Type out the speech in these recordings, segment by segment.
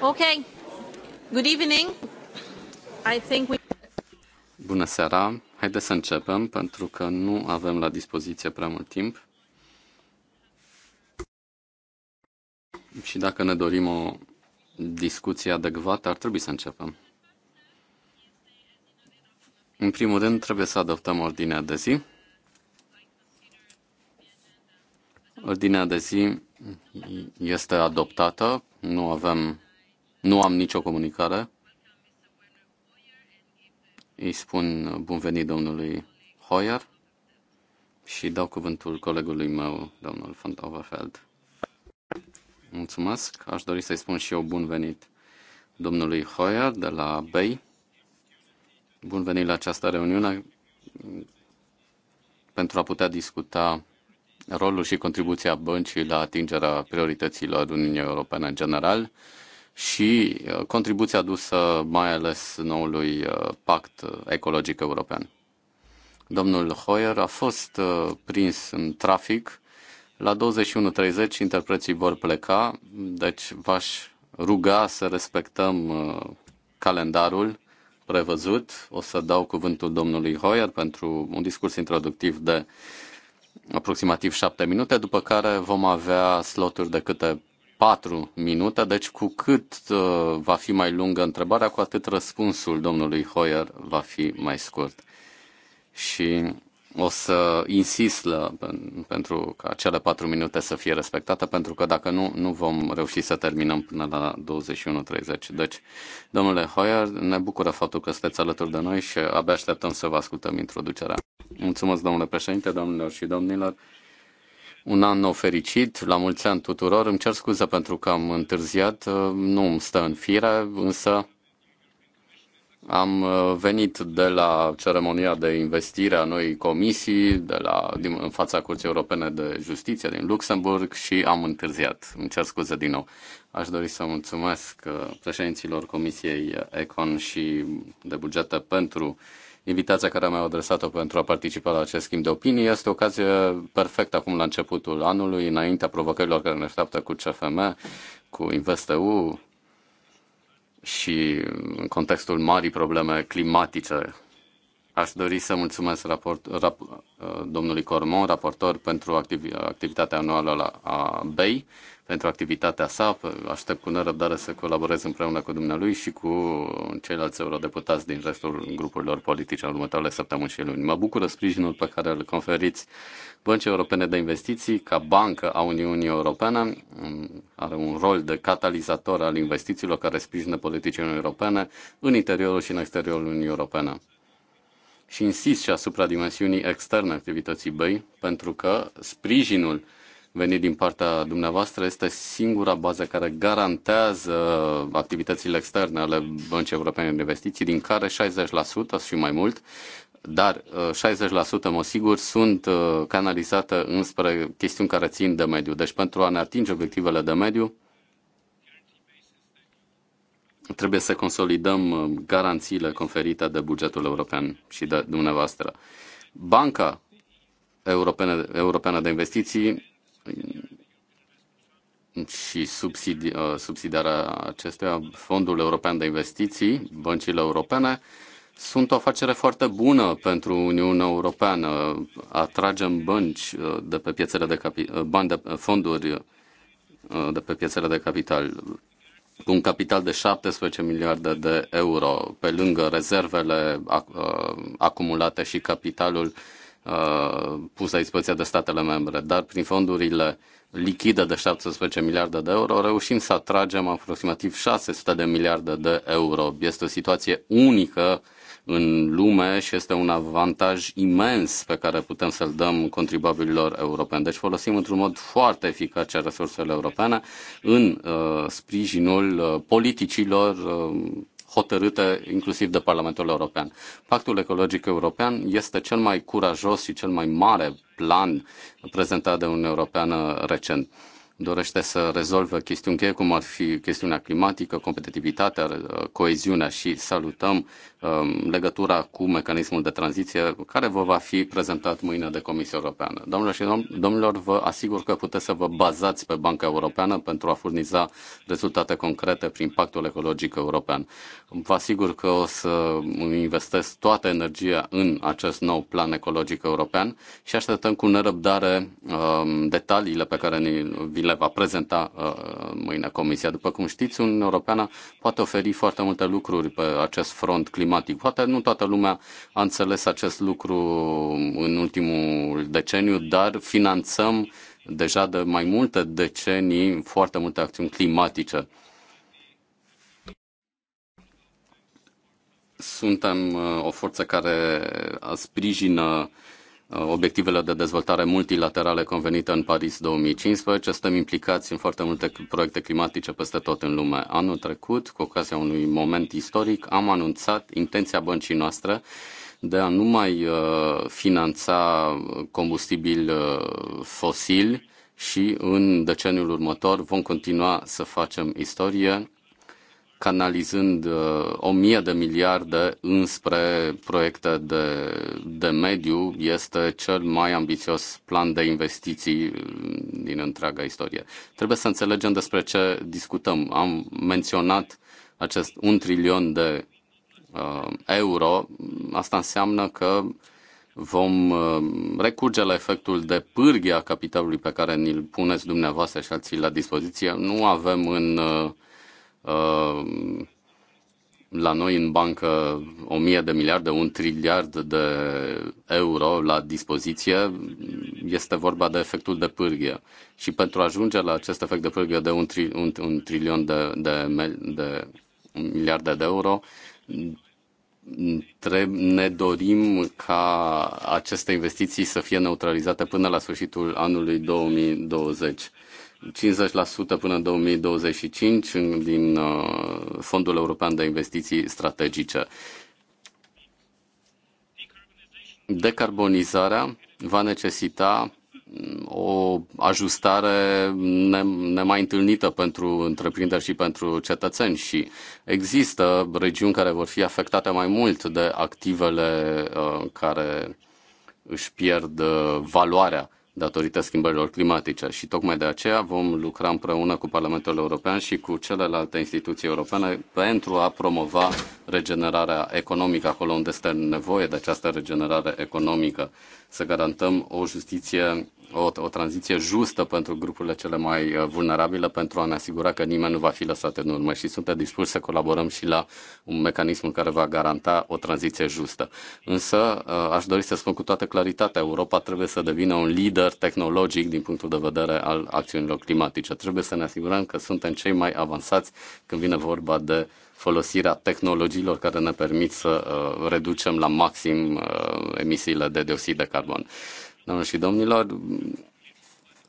Okay. Good evening. I think we... Bună seara. Haideți să începem pentru că nu avem la dispoziție prea mult timp. Și dacă ne dorim o discuție adecvată, ar trebui să începem. În primul rând, trebuie să adoptăm ordinea de zi. Ordinea de zi este adoptată, nu avem nu am nicio comunicare. Îi spun bun venit domnului Hoyer și dau cuvântul colegului meu, domnul von Overfeld. Mulțumesc. Aș dori să-i spun și eu bun venit domnului Hoyer de la BEI. Bun venit la această reuniune pentru a putea discuta rolul și contribuția băncii la atingerea priorităților Uniunii Europene în general și uh, contribuția adusă mai ales noului uh, pact uh, ecologic european. Domnul Hoyer a fost prins în trafic. La 21.30 interpreții vor pleca, deci v-aș ruga să respectăm calendarul prevăzut. O să dau cuvântul domnului Hoyer pentru un discurs introductiv de aproximativ șapte minute, după care vom avea sloturi de câte 4 minute, deci cu cât uh, va fi mai lungă întrebarea, cu atât răspunsul domnului Hoyer va fi mai scurt. Și o să insist la, pentru ca cele 4 minute să fie respectate, pentru că dacă nu, nu vom reuși să terminăm până la 21.30. Deci, domnule Hoyer, ne bucură faptul că sunteți alături de noi și abia așteptăm să vă ascultăm introducerea. Mulțumesc, domnule președinte, domnilor și domnilor un an nou fericit, la mulți ani tuturor. Îmi cer scuze pentru că am întârziat, uh, nu îmi stă în fire, însă am uh, venit de la ceremonia de investire a noi comisii de la, din, în fața Curții Europene de Justiție din Luxemburg și am întârziat. Îmi cer scuze din nou. Aș dori să mulțumesc uh, președinților Comisiei Econ și de bugete pentru uh, invitația care mi-a adresat-o pentru a participa la acest schimb de opinii. Este o ocazie perfectă acum la începutul anului, înaintea provocărilor care ne așteaptă cu CFM, cu InvestEU și în contextul marii probleme climatice. Aș dori să mulțumesc raport, rap, domnului Cormon, raportor, pentru activ, activitatea anuală la, a BEI pentru activitatea sa. Aștept cu nerăbdare să colaborez împreună cu dumnealui și cu ceilalți eurodeputați din restul grupurilor politice în următoarele săptămâni și luni. Mă bucură sprijinul pe care îl conferiți Băncii Europene de Investiții ca bancă a Uniunii Europene. Are un rol de catalizator al investițiilor care sprijină politicile europene în interiorul și în exteriorul Uniunii Europene și insist și asupra dimensiunii externe a activității BEI, pentru că sprijinul venit din partea dumneavoastră este singura bază care garantează activitățile externe ale Băncii Europene de Investiții, din care 60% și mai mult dar 60% uh, mă sigur sunt uh, canalizate înspre chestiuni care țin de mediu. Deci pentru a ne atinge obiectivele de mediu, trebuie să consolidăm uh, garanțiile conferite de bugetul european și de dumneavoastră. Banca Europeană, Europeană de Investiții și subsidi, uh, subsidiarea acestea, Fondul European de Investiții, băncile europene, sunt o afacere foarte bună pentru Uniunea Europeană. Atragem bănci de pe piețele de capital, bani de fonduri de pe piețele de capital cu un capital de 17 miliarde de euro, pe lângă rezervele uh, acumulate și capitalul uh, Uh, pusă la dispoziție de statele membre, dar prin fondurile lichide de 17 miliarde de euro reușim să atragem aproximativ 600 de miliarde de euro. Este o situație unică în lume și este un avantaj imens pe care putem să-l dăm contribuabililor europeni. Deci folosim într-un mod foarte eficace resursele europene în uh, sprijinul uh, politicilor uh, hotărâtă inclusiv de Parlamentul European. Pactul ecologic european este cel mai curajos și cel mai mare plan prezentat de Uniunea Europeană recent dorește să rezolvă chestiuni cheie, cum ar fi chestiunea climatică, competitivitatea, uh, coeziunea și salutăm um, legătura cu mecanismul de tranziție care vă va fi prezentat mâine de Comisia Europeană. Doamnelor și domnilor, vă asigur că puteți să vă bazați pe Banca Europeană pentru a furniza rezultate concrete prin Pactul Ecologic European. Vă asigur că o să investesc toată energia în acest nou plan ecologic european și așteptăm cu nerăbdare um, detaliile pe care ni vi le va prezenta uh, mâine Comisia. După cum știți, Uniunea Europeană poate oferi foarte multe lucruri pe acest front climatic. Poate nu toată lumea a înțeles acest lucru în ultimul deceniu, dar finanțăm deja de mai multe decenii foarte multe acțiuni climatice. Suntem uh, o forță care sprijină obiectivele de dezvoltare multilaterale convenite în Paris 2015. Suntem implicați în foarte multe proiecte climatice peste tot în lume. Anul trecut, cu ocazia unui moment istoric, am anunțat intenția băncii noastre de a nu mai uh, finanța combustibil uh, fosil și în deceniul următor vom continua să facem istorie canalizând uh, o mie de miliarde înspre proiecte de, de mediu, este cel mai ambițios plan de investiții uh, din întreaga istorie. Trebuie să înțelegem despre ce discutăm. Am menționat acest un trilion de uh, euro. Asta înseamnă că vom uh, recurge la efectul de pârghie a capitalului pe care ni-l puneți dumneavoastră și alții la dispoziție. Nu avem în uh, Ehm, la noi în bancă 1000 de miliarde, un triliard de euro la dispoziție, este vorba de efectul de pârghie. Și pentru a ajunge la acest efect de pârghie de un, tri, un, un trilion de, de, de miliarde de euro, ne dorim ca aceste investiții să fie neutralizate până la sfârșitul anului 2020 50% până în 2025 din uh, Fondul European de Investiții Strategice. Decarbonizarea va necesita mm, o ajustare nemai întâlnită pentru întreprinderi și pentru cetățeni și există regiuni care vor fi afectate mai mult de activele uh, care își pierd uh, valoarea datorită schimbărilor climatice și tocmai de aceea vom lucra împreună cu Parlamentul European și cu celelalte instituții europene pentru a promova regenerarea economică acolo unde este nevoie de această regenerare economică, să garantăm o justiție o, o tranziție justă pentru grupurile cele mai uh, vulnerabile, pentru a ne asigura că nimeni nu va fi lăsat în urmă și suntem dispuși să colaborăm și la un mecanism care va garanta o tranziție justă. Însă, uh, aș dori să spun cu toată claritatea, Europa trebuie să devină un lider tehnologic din punctul de vedere al acțiunilor climatice. Trebuie să ne asigurăm că suntem cei mai avansați când vine vorba de folosirea tehnologiilor care ne permit să uh, reducem la maxim uh, emisiile de dioxid de carbon. Uh, Doamne și domnilor,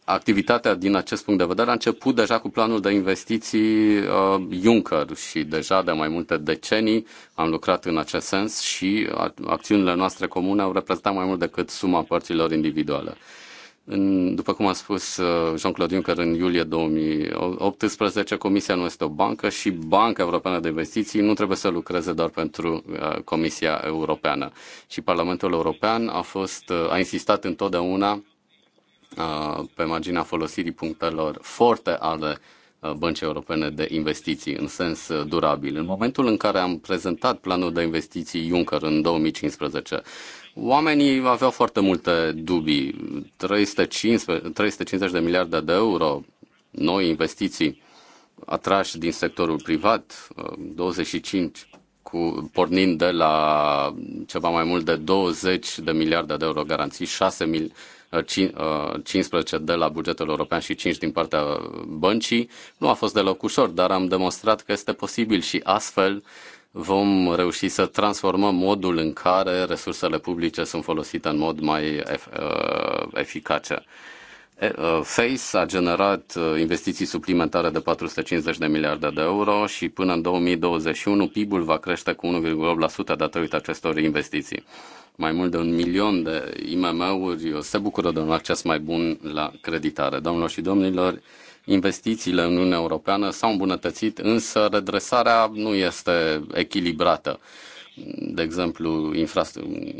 activitatea din acest punct de vedere a început deja cu planul de investiții uh, Juncker și deja de mai multe decenii am lucrat în acest sens și acțiunile noastre comune au reprezentat mai mult decât suma părților individuale. În, după cum a spus uh, Jean-Claude Juncker în iulie 2018, Comisia nu este o bancă și Banca Europeană de Investiții nu trebuie să lucreze doar pentru uh, Comisia Europeană. Și Parlamentul European a, fost, uh, a insistat întotdeauna pe marginea folosirii punctelor forte ale Băncii Europene de Investiții în sens durabil. În momentul în care am prezentat planul de investiții Juncker în 2015, Oamenii aveau foarte multe dubii. 315, 350 de miliarde de euro noi investiții atrași din sectorul privat, 25 cu, pornind de la ceva mai mult de 20 de miliarde de euro garanții, 6 mil, 15 uh, de la bugetul european și 5 din partea băncii. Nu a fost deloc ușor, dar am demonstrat că este posibil și astfel vom reuși să transformăm modul în care resursele publice sunt folosite în mod mai uh, eficace. Uh, Face a generat uh, investiții suplimentare de 450 de miliarde de euro și până în 2021 PIB-ul va crește cu 1,8% datorită acestor investiții. Mai mult de un milion de IMM-uri se bucură de un acces mai bun la creditare. Domnilor și domnilor, investițiile în Uniunea Europeană s-au îmbunătățit, însă redresarea nu este echilibrată. De exemplu, infra-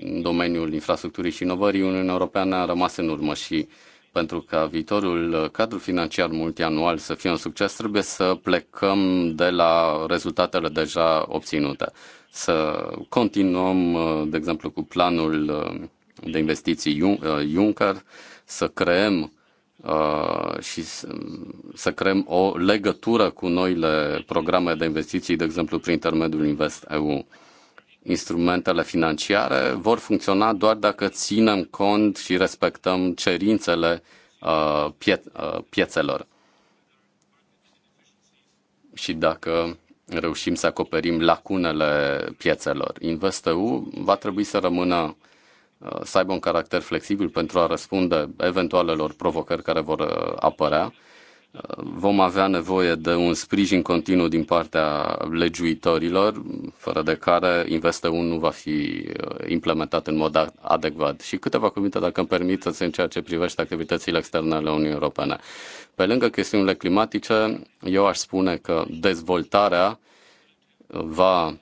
în domeniul infrastructurii și inovării, Uniunea Europeană a rămas în urmă și pentru ca viitorul cadru financiar multianual să fie un succes, trebuie să plecăm de la rezultatele deja obținute. Să continuăm, de exemplu, cu planul de investiții Juncker, să creăm Uh, și să creăm o legătură cu noile programe de investiții, de exemplu prin intermediul InvestEU. Instrumentele financiare vor funcționa doar dacă ținem cont și respectăm cerințele uh, pie- uh, piețelor. Și dacă reușim să acoperim lacunele piețelor. InvestEU va trebui să rămână să aibă un caracter flexibil pentru a răspunde eventualelor provocări care vor uh, apărea. Uh, vom avea nevoie de un sprijin continuu din partea legiuitorilor, fără de care Investe 1 nu va fi uh, implementat în mod adecvat. Și câteva cuvinte, dacă îmi permiteți, în ceea ce privește activitățile externe ale Uniunii Europene. Pe lângă chestiunile climatice, eu aș spune că dezvoltarea va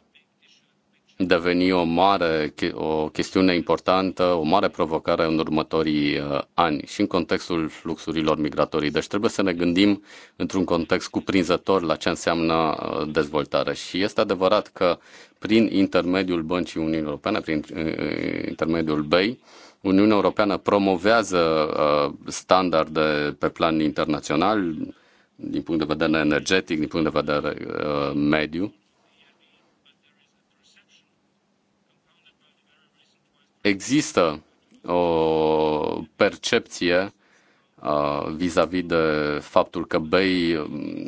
deveni o mare, o chestiune importantă, o mare provocare în următorii uh, ani și în contextul fluxurilor migratorii. Deci trebuie să ne gândim într-un context cuprinzător la ce înseamnă uh, dezvoltare. Și este adevărat că prin intermediul Băncii Uniunii Europene, prin uh, intermediul BEI, Uniunea Europeană promovează standarde pe plan internațional, din punct de vedere energetic, din punct de vedere mediu, Există o percepție vis-a-vis -vis de faptul că BEI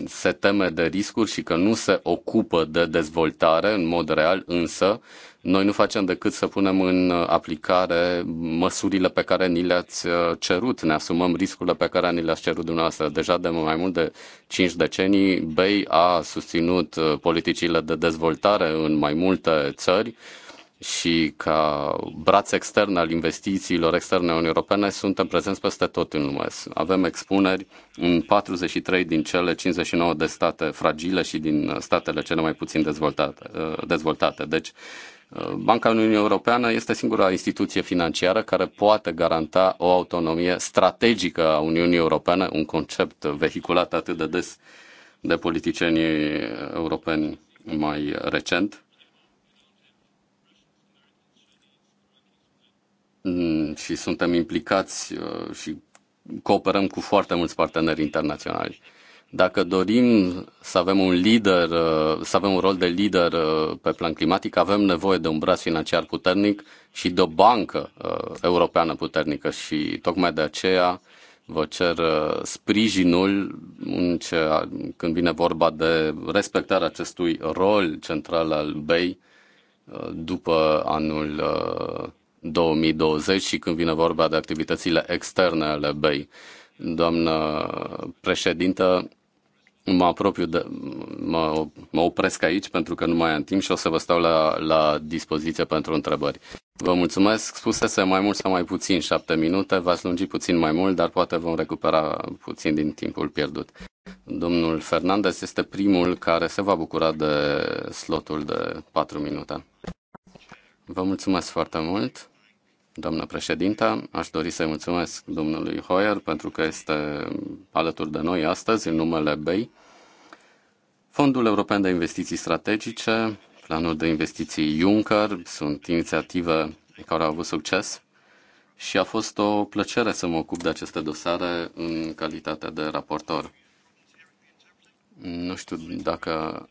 se teme de riscuri și că nu se ocupă de dezvoltare în mod real, însă noi nu facem decât să punem în aplicare măsurile pe care ni le-ați cerut, ne asumăm riscurile pe care ni le-ați cerut dumneavoastră. Deja de mai mult de 5 decenii, BEI a susținut politicile de dezvoltare în mai multe țări, și ca braț extern al investițiilor externe Uniunii Europene suntem prezenți peste tot în lume. Avem expuneri în 43 din cele 59 de state fragile și din statele cele mai puțin dezvoltate. Uh, dezvoltate. Deci, uh, Banca Uniunii Europeană este singura instituție financiară care poate garanta o autonomie strategică a Uniunii Europene, un concept vehiculat atât de des de politicienii europeni mai recent Mm, și suntem implicați uh, și cooperăm cu foarte mulți parteneri internaționali. Dacă dorim să avem un lider, uh, să avem un rol de lider uh, pe plan climatic, avem nevoie de un braț financiar puternic și de o bancă europeană puternică și tocmai de aceea vă cer sprijinul în ce, când vine vorba de respectarea acestui rol central al BEI după anul 2020 și când vine vorba de activitățile externe ale BEI. Doamnă președintă, mă apropiu de... Mă, mă opresc aici pentru că nu mai am timp și o să vă stau la, la dispoziție pentru întrebări. Vă mulțumesc. Spusese mai mult sau mai puțin, șapte minute. V-ați lungi puțin mai mult, dar poate vom recupera puțin din timpul pierdut. Domnul Fernandez este primul care se va bucura de slotul de patru minute. Vă mulțumesc foarte mult. Doamnă președintă, aș dori să-i mulțumesc domnului Hoyer pentru că este alături de noi astăzi în numele BEI. Fondul European de Investiții Strategice, planul de investiții Juncker sunt inițiative care au avut succes și a fost o plăcere să mă ocup de aceste dosare în calitate de raportor. Nu știu dacă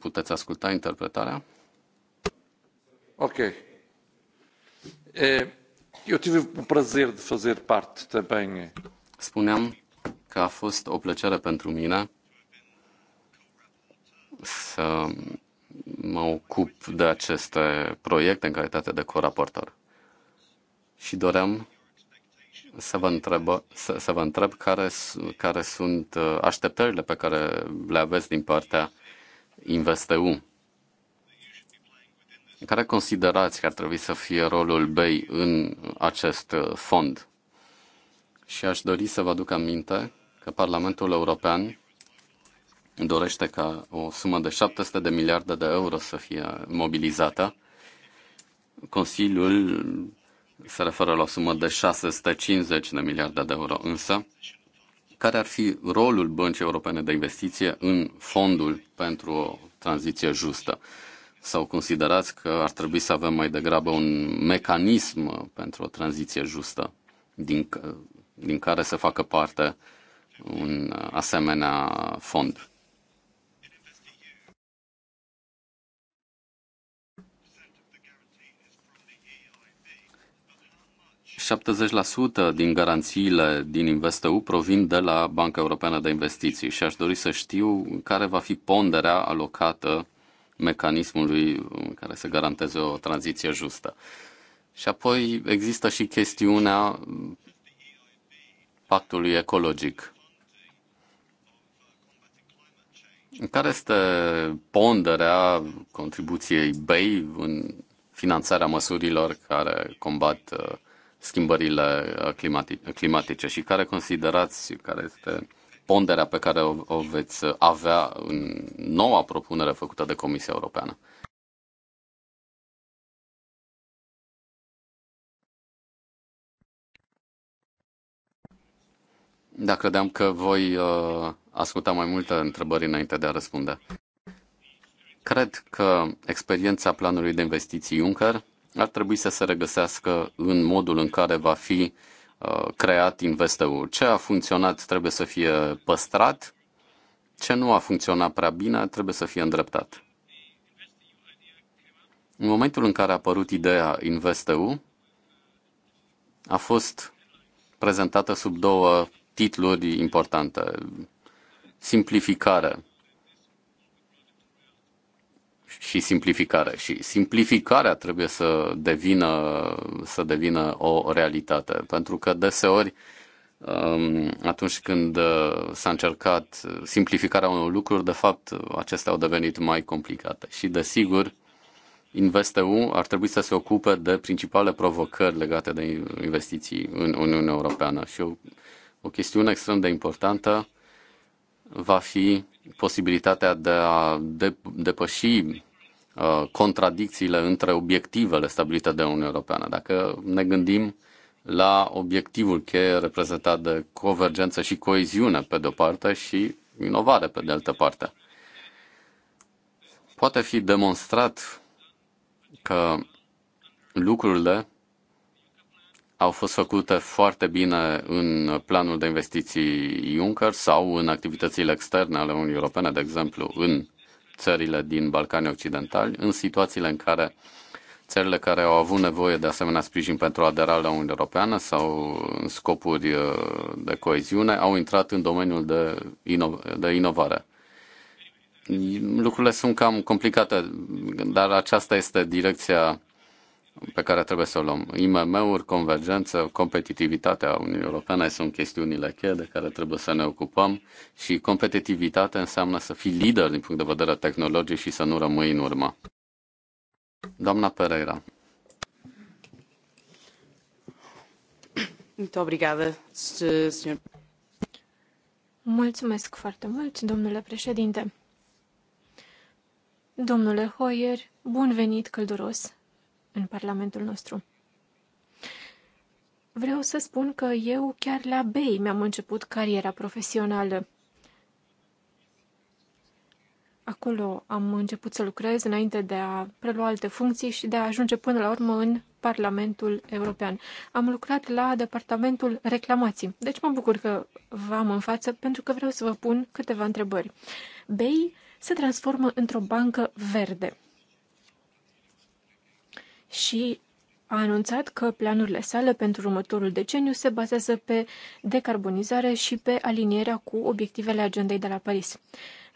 puteți asculta interpretarea. Ok. Eu tive o um prazer de fazer parte também. Eh, Spuneam că a fost o plăcere pentru mine să mă ocup de aceste proiecte în calitate de coraportor. Și doream să vă întreb, să, să vă întreb care, care sunt eh, așteptările pe care le aveți din partea InvestEU care considerați că ar trebui să fie rolul BEI în acest uh, fond? Și aș dori să vă aduc aminte că Parlamentul European dorește ca o sumă de 700 de miliarde de euro să fie mobilizată. Consiliul se referă la o sumă de 650 de miliarde de euro, însă care ar fi rolul Băncii Europene de Investiție în fondul pentru o tranziție justă? sau considerați că ar trebui să avem mai degrabă un mecanism pentru o tranziție justă din, din care să facă parte un asemenea fond? ...70% din garanțiile din InvestEU provin de la Banca Europeană de Investiții și aș dori să știu care va fi ponderea alocată mecanismului care să garanteze o tranziție justă. Și apoi există și chestiunea pactului ecologic. Care este ponderea contribuției BEI în finanțarea măsurilor care combat uh, schimbările uh, climatice și care considerați care este ponderea pe care o, o veți avea în noua propunere făcută de Comisia Europeană? Da, credeam că voi uh, asculta mai multe întrebări înainte de a răspunde. Cred că experiența planului de investiții Juncker ar trebui să se regăsească în modul în care va fi uh, Uh, creat InvestEU. Ce a funcționat trebuie să fie păstrat, ce nu a funcționat prea bine trebuie să fie îndreptat. În momentul în care a apărut ideea InvestEU, a fost prezentată sub două titluri importante. Simplificare și simplificare. Și simplificarea trebuie să devină, să devină o realitate, pentru că deseori um, atunci când uh, s-a încercat simplificarea unor lucruri, de fapt, acestea au devenit mai complicate. Și, desigur, InvestEU ar trebui să se ocupe de principale provocări legate de investiții în Uniunea Europeană. Și o, o chestiune extrem de importantă va fi posibilitatea de a depăși uh, contradicțiile între obiectivele stabilite de Uniunea Europeană. Dacă ne gândim la obiectivul cheie reprezentat de convergență și coeziune pe de-o parte și inovare pe de altă parte. Poate fi demonstrat că lucrurile au fost făcute foarte bine în planul de investiții Juncker sau în activitățile externe ale Uniunii Europene, de exemplu, în țările din Balcanii Occidentali, în situațiile în care țările care au avut nevoie de asemenea sprijin pentru aderarea la Uniunea Europeană sau în scopuri uh, de coeziune au intrat în domeniul de, ino- de inovare. Lucrurile sunt cam complicate, dar aceasta este direcția pe care trebuie să o luăm. IMM-uri, convergență, competitivitatea Uniunii Europene sunt chestiunile cheie de care trebuie să ne ocupăm și competitivitatea înseamnă să fii lider din punct de vedere tehnologic și să nu rămâi în urmă. Doamna Pereira. Mulțumesc foarte mult, domnule președinte. Domnule Hoyer, bun venit călduros în Parlamentul nostru. Vreau să spun că eu chiar la BEI mi-am început cariera profesională. Acolo am început să lucrez înainte de a prelua alte funcții și de a ajunge până la urmă în Parlamentul European. Am lucrat la Departamentul Reclamații, deci mă bucur că v-am în față pentru că vreau să vă pun câteva întrebări. BEI se transformă într-o bancă verde și a anunțat că planurile sale pentru următorul deceniu se bazează pe decarbonizare și pe alinierea cu obiectivele agendei de la Paris.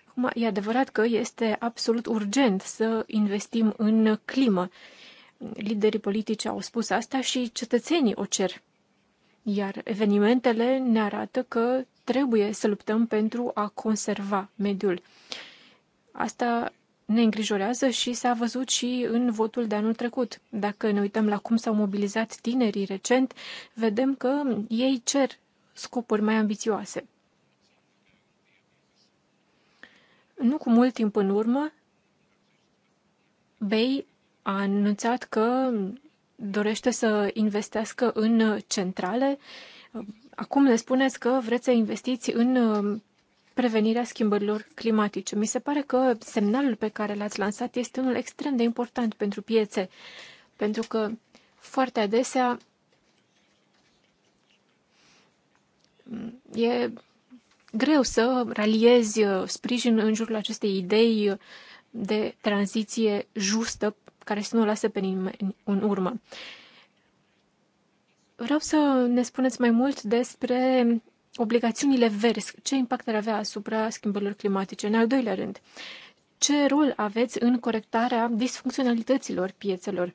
Acum, e adevărat că este absolut urgent să investim în climă. Liderii politici au spus asta și cetățenii o cer. Iar evenimentele ne arată că trebuie să luptăm pentru a conserva mediul. Asta ne îngrijorează și s-a văzut și în votul de anul trecut. Dacă ne uităm la cum s-au mobilizat tinerii recent, vedem că ei cer scopuri mai ambițioase. Nu cu mult timp în urmă, Bay a anunțat că dorește să investească în centrale. Acum ne spuneți că vreți să investiți în prevenirea schimbărilor climatice. Mi se pare că semnalul pe care l-ați lansat este unul extrem de important pentru piețe, pentru că foarte adesea e greu să raliezi sprijin în jurul acestei idei de tranziție justă care să nu lase pe nimeni în urmă. Vreau să ne spuneți mai mult despre obligațiunile verzi, ce impact ar avea asupra schimbărilor climatice? În al doilea rând, ce rol aveți în corectarea disfuncționalităților piețelor?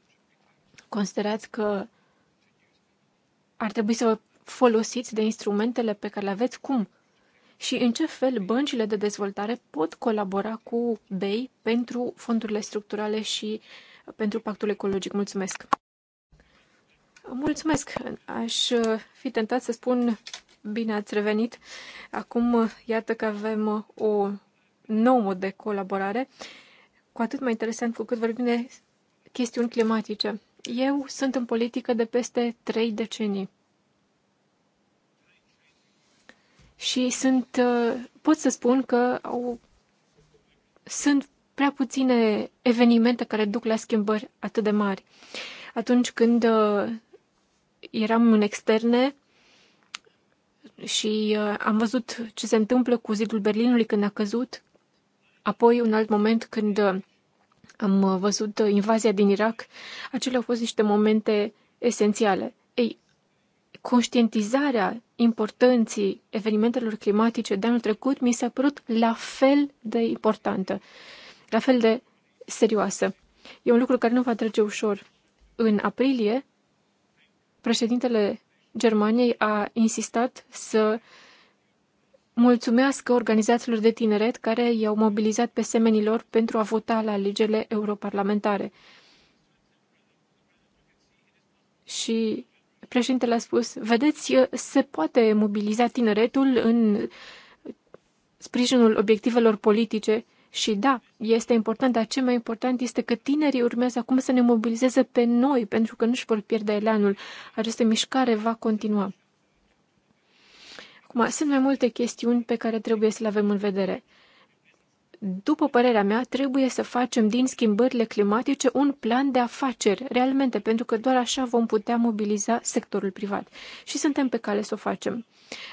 Considerați că ar trebui să vă folosiți de instrumentele pe care le aveți cum? Și în ce fel băncile de dezvoltare pot colabora cu BEI pentru fondurile structurale și pentru pactul ecologic? Mulțumesc! Mulțumesc! Aș fi tentat să spun Bine ați revenit! Acum, iată că avem o nouă mod de colaborare, cu atât mai interesant cu cât vorbim de chestiuni climatice. Eu sunt în politică de peste trei decenii. Și sunt, pot să spun că au, sunt prea puține evenimente care duc la schimbări atât de mari. Atunci când uh, eram în externe, și uh, am văzut ce se întâmplă cu zidul Berlinului când a căzut, apoi un alt moment când uh, am uh, văzut invazia din Irak, acele au fost niște momente esențiale. Ei, conștientizarea importanții evenimentelor climatice de anul trecut mi s-a părut la fel de importantă, la fel de serioasă. E un lucru care nu va trece ușor. În aprilie, președintele Germaniei a insistat să mulțumească organizațiilor de tineret care i-au mobilizat pe semenilor pentru a vota la alegerile europarlamentare. Și președintele a spus, vedeți, se poate mobiliza tineretul în sprijinul obiectivelor politice și da, este important, dar ce mai important este că tinerii urmează acum să ne mobilizeze pe noi, pentru că nu își vor pierde elanul. Această mișcare va continua. Acum, sunt mai multe chestiuni pe care trebuie să le avem în vedere. După părerea mea, trebuie să facem din schimbările climatice un plan de afaceri, realmente, pentru că doar așa vom putea mobiliza sectorul privat. Și suntem pe cale să o facem.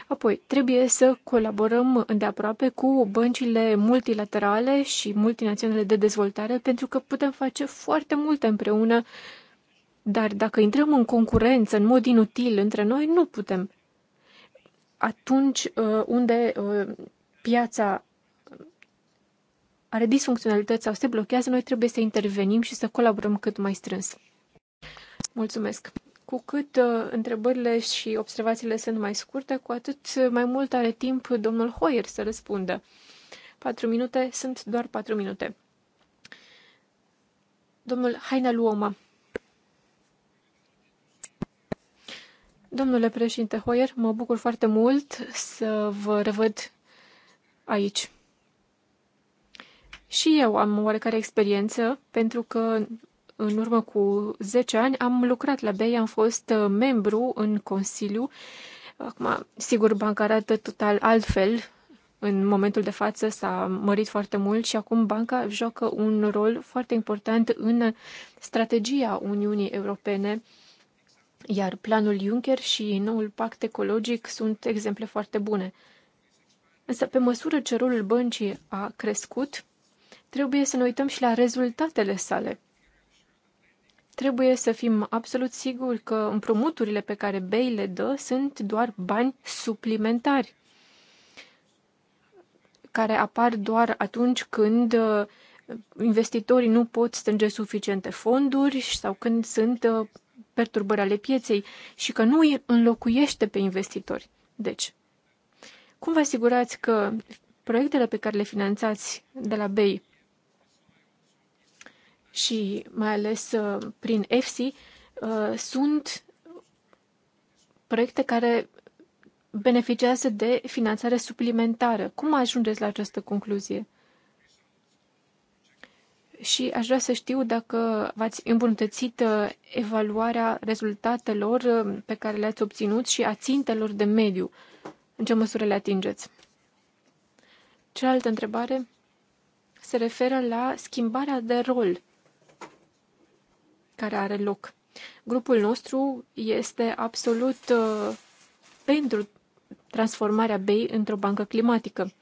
Apoi, trebuie să colaborăm îndeaproape cu băncile multilaterale și multinaționale de dezvoltare, pentru că putem face foarte multe împreună, dar dacă intrăm în concurență în mod inutil între noi, nu putem. Atunci, uh, unde uh, piața are disfuncționalități sau se blochează, noi trebuie să intervenim și să colaborăm cât mai strâns. Mulțumesc! Cu cât uh, întrebările și observațiile sunt mai scurte, cu atât mai mult are timp domnul Hoyer să răspundă. Patru minute sunt doar patru minute. Domnul Haina Luoma. Domnule președinte Hoyer, mă bucur foarte mult să vă revăd aici. Și eu am oarecare experiență, pentru că în urmă cu 10 ani am lucrat la BEI, am fost uh, membru în Consiliu. Acum, sigur, banca arată total altfel. În momentul de față s-a mărit foarte mult și acum banca joacă un rol foarte important în strategia Uniunii Europene, iar planul Juncker și noul pact ecologic sunt exemple foarte bune. Însă, pe măsură ce rolul băncii a crescut, trebuie să ne uităm și la rezultatele sale. Trebuie să fim absolut siguri că împrumuturile pe care BEI le dă sunt doar bani suplimentari, care apar doar atunci când uh, investitorii nu pot strânge suficiente fonduri sau când sunt uh, perturbări ale pieței și că nu îi înlocuiește pe investitori. Deci, cum vă asigurați că proiectele pe care le finanțați de la BEI și mai ales uh, prin EFSI uh, sunt proiecte care beneficiază de finanțare suplimentară. Cum ajungeți la această concluzie? Și aș vrea să știu dacă v-ați îmbunătățit uh, evaluarea rezultatelor pe care le-ați obținut și a țintelor de mediu. În ce măsură le atingeți? Cealaltă întrebare se referă la schimbarea de rol care are loc. Grupul nostru este absolut uh, pentru transformarea BEI într-o bancă climatică.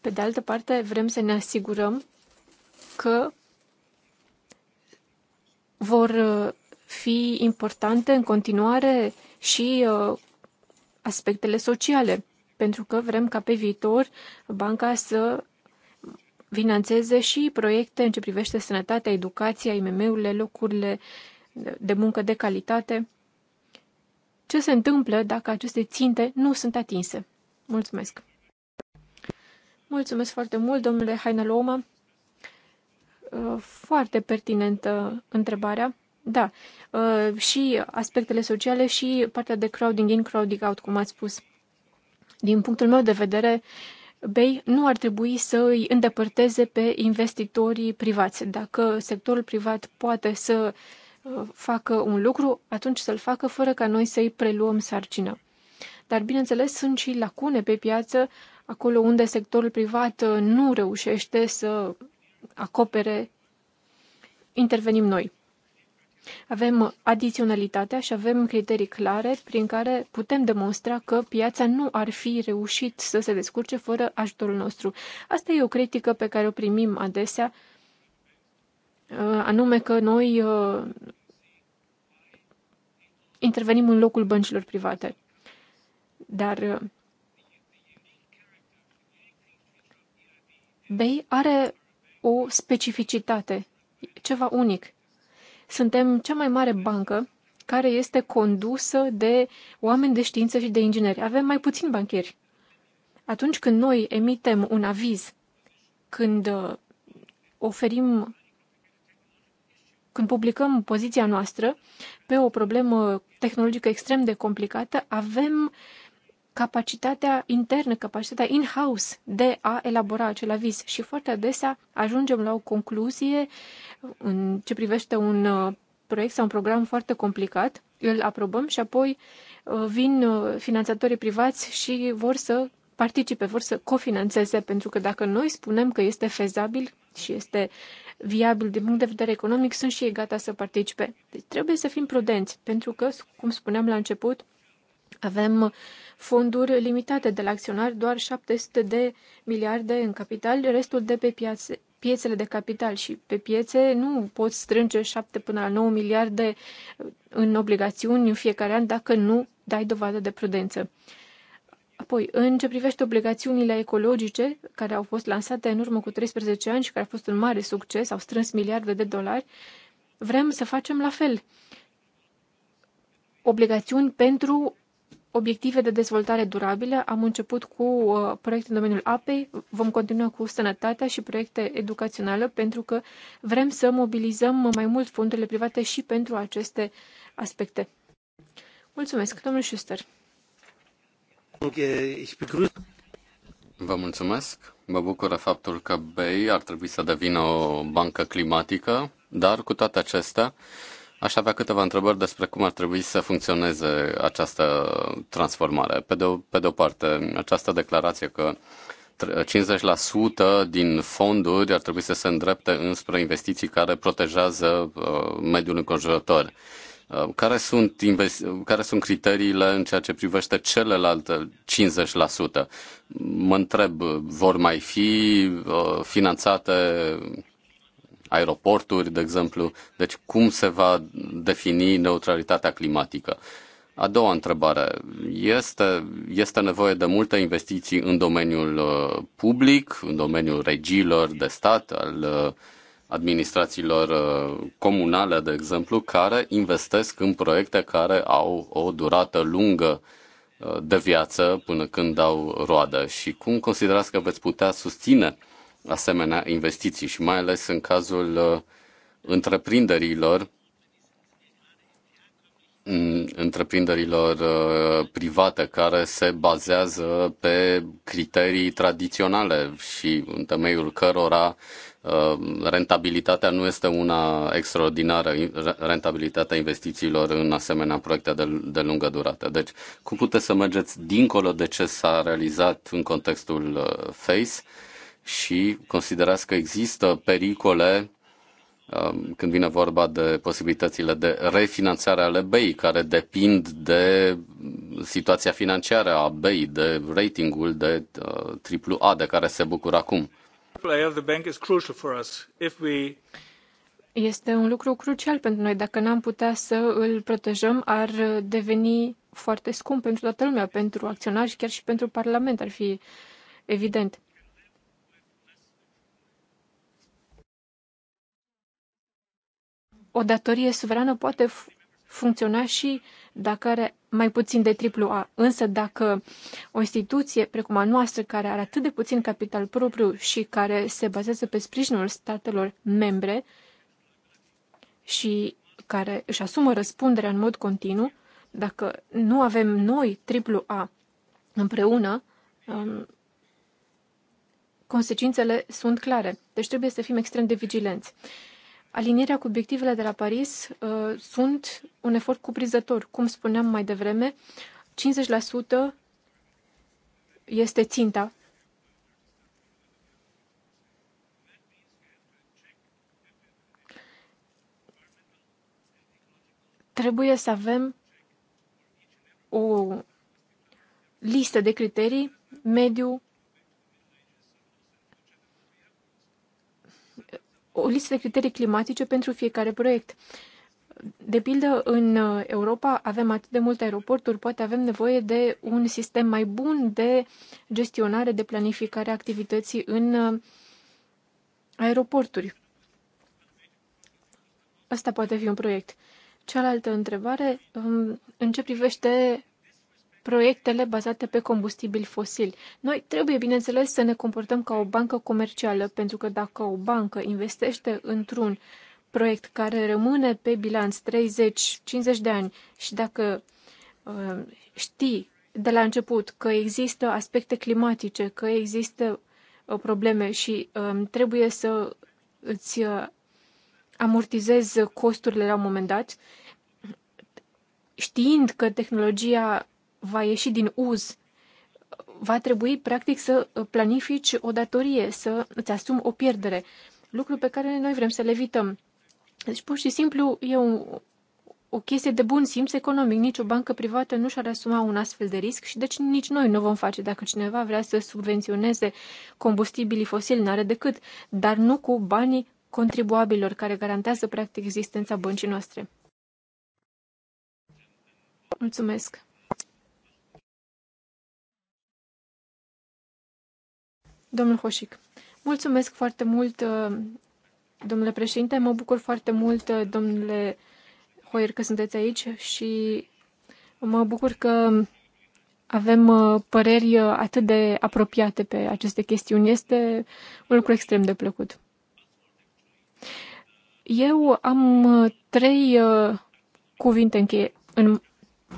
Pe de altă parte, vrem să ne asigurăm că vor uh, fi importante în continuare și uh, aspectele sociale, pentru că vrem ca pe viitor banca să financeze și proiecte în ce privește sănătatea, educația, IMM-urile, locurile de muncă de calitate. Ce se întâmplă dacă aceste ținte nu sunt atinse? Mulțumesc! Mulțumesc foarte mult, domnule Hainaloma. Foarte pertinentă întrebarea. Da, și aspectele sociale și partea de crowding in, crowding out, cum ați spus. Din punctul meu de vedere, BEI nu ar trebui să îi îndepărteze pe investitorii privați. Dacă sectorul privat poate să uh, facă un lucru, atunci să-l facă fără ca noi să-i preluăm sarcina. Dar, bineînțeles, sunt și lacune pe piață, acolo unde sectorul privat uh, nu reușește să acopere, intervenim noi. Avem adiționalitatea și avem criterii clare prin care putem demonstra că piața nu ar fi reușit să se descurce fără ajutorul nostru. Asta e o critică pe care o primim adesea, uh, anume că noi uh, intervenim în locul băncilor private. Dar uh, BEI are o specificitate, ceva unic. Suntem cea mai mare bancă care este condusă de oameni de știință și de ingineri. Avem mai puțini banchieri. Atunci când noi emitem un aviz, când uh, oferim, când publicăm poziția noastră pe o problemă tehnologică extrem de complicată, avem uh, capacitatea internă, capacitatea in-house de a elabora acel aviz și foarte adesea ajungem la o concluzie în ce privește un uh, proiect sau un program foarte complicat, îl aprobăm și apoi uh, vin uh, finanțatorii privați și vor să participe, vor să cofinanțeze, pentru că dacă noi spunem că este fezabil și este viabil din punct de vedere economic, sunt și ei gata să participe. Deci trebuie să fim prudenți, pentru că, cum spuneam la început, avem fonduri limitate de la acționari, doar 700 de miliarde în capital, restul de pe piațe, piețele de capital și pe piețe nu poți strânge 7 până la 9 miliarde în obligațiuni în fiecare an dacă nu dai dovadă de prudență. Apoi, în ce privește obligațiunile ecologice, care au fost lansate în urmă cu 13 ani și care au fost un mare succes, au strâns miliarde de dolari, vrem să facem la fel. Obligațiuni pentru obiective de dezvoltare durabilă. Am început cu uh, proiecte în domeniul apei, vom continua cu sănătatea și proiecte educaționale pentru că vrem să mobilizăm mai mult fondurile private și pentru aceste aspecte. Mulțumesc, domnul Schuster. Vă mulțumesc. Mă bucură faptul că BEI ar trebui să devină o bancă climatică, dar cu toate acestea, Aș avea câteva întrebări despre cum ar trebui să funcționeze această transformare. Pe de o, pe de o parte, această declarație că 50% din fonduri ar trebui să se îndrepte înspre investiții care protejează uh, mediul înconjurător. Uh, care sunt, care sunt criteriile în ceea ce privește celelalte 50%? Mă întreb, vor mai fi uh, finanțate aeroporturi, de exemplu. Deci cum se va defini neutralitatea climatică? A doua întrebare. Este, este nevoie de multe investiții în domeniul uh, public, în domeniul regiilor de stat, al uh, administrațiilor uh, comunale, de exemplu, care investesc în proiecte care au o durată lungă de viață până când dau roadă și cum considerați că veți putea susține uh, asemenea investiții și mai ales în cazul uh, întreprinderilor mm, întreprinderilor uh, private care se bazează pe criterii tradiționale și în temeiul cărora uh, rentabilitatea nu este una extraordinară, rentabilitatea investițiilor în asemenea proiecte de, de lungă durată. Deci, cum puteți să mergeți dincolo de ce s-a realizat în contextul FACE și considerați că există pericole um, când vine vorba de posibilitățile de refinanțare ale BEI, care depind de situația financiară a BEI, de ratingul de AAA uh, de care se bucură acum. Este un lucru crucial pentru noi. Dacă n-am putea să îl protejăm, ar deveni foarte scump pentru toată lumea, pentru acționari și chiar și pentru Parlament, ar fi evident. o datorie suverană poate funcționa și dacă are mai puțin de triplu A. Însă dacă o instituție precum a noastră, care are atât de puțin capital propriu și care se bazează pe sprijinul statelor membre și care își asumă răspunderea în mod continuu, dacă nu avem noi triplu A împreună, um, consecințele sunt clare. Deci trebuie să fim extrem de vigilenți. Alinierea cu obiectivele de la Paris uh, sunt un efort cuprizător. Cum spuneam mai devreme, 50% este ținta. Trebuie să avem o listă de criterii mediu, o listă de criterii climatice pentru fiecare proiect. De pildă, în Europa avem atât de multe aeroporturi, poate avem nevoie de un sistem mai bun de gestionare, de planificare a activității în uh, aeroporturi. Asta poate fi un proiect. Cealaltă întrebare, um, în ce privește proiectele bazate pe combustibili fosili. Noi trebuie, bineînțeles, să ne comportăm ca o bancă comercială, pentru că dacă o bancă investește într-un proiect care rămâne pe bilanț 30-50 de ani și dacă uh, știi de la început că există aspecte climatice, că există uh, probleme și uh, trebuie să îți uh, amortizezi costurile la un moment dat, știind că tehnologia va ieși din uz, va trebui practic să planifici o datorie, să îți asumi o pierdere, lucru pe care noi vrem să le evităm. Deci pur și simplu e o, o chestie de bun simț economic. Nici o bancă privată nu și-ar asuma un astfel de risc și deci nici noi nu vom face. Dacă cineva vrea să subvenționeze combustibilii fosili, n-are decât, dar nu cu banii contribuabililor care garantează practic existența băncii noastre. Mulțumesc. Domnul Hoșic, mulțumesc foarte mult, uh, domnule președinte, mă bucur foarte mult, uh, domnule Hoier, că sunteți aici și mă bucur că avem uh, păreri atât de apropiate pe aceste chestiuni. Este un lucru extrem de plăcut. Eu am trei cuvinte încheie în,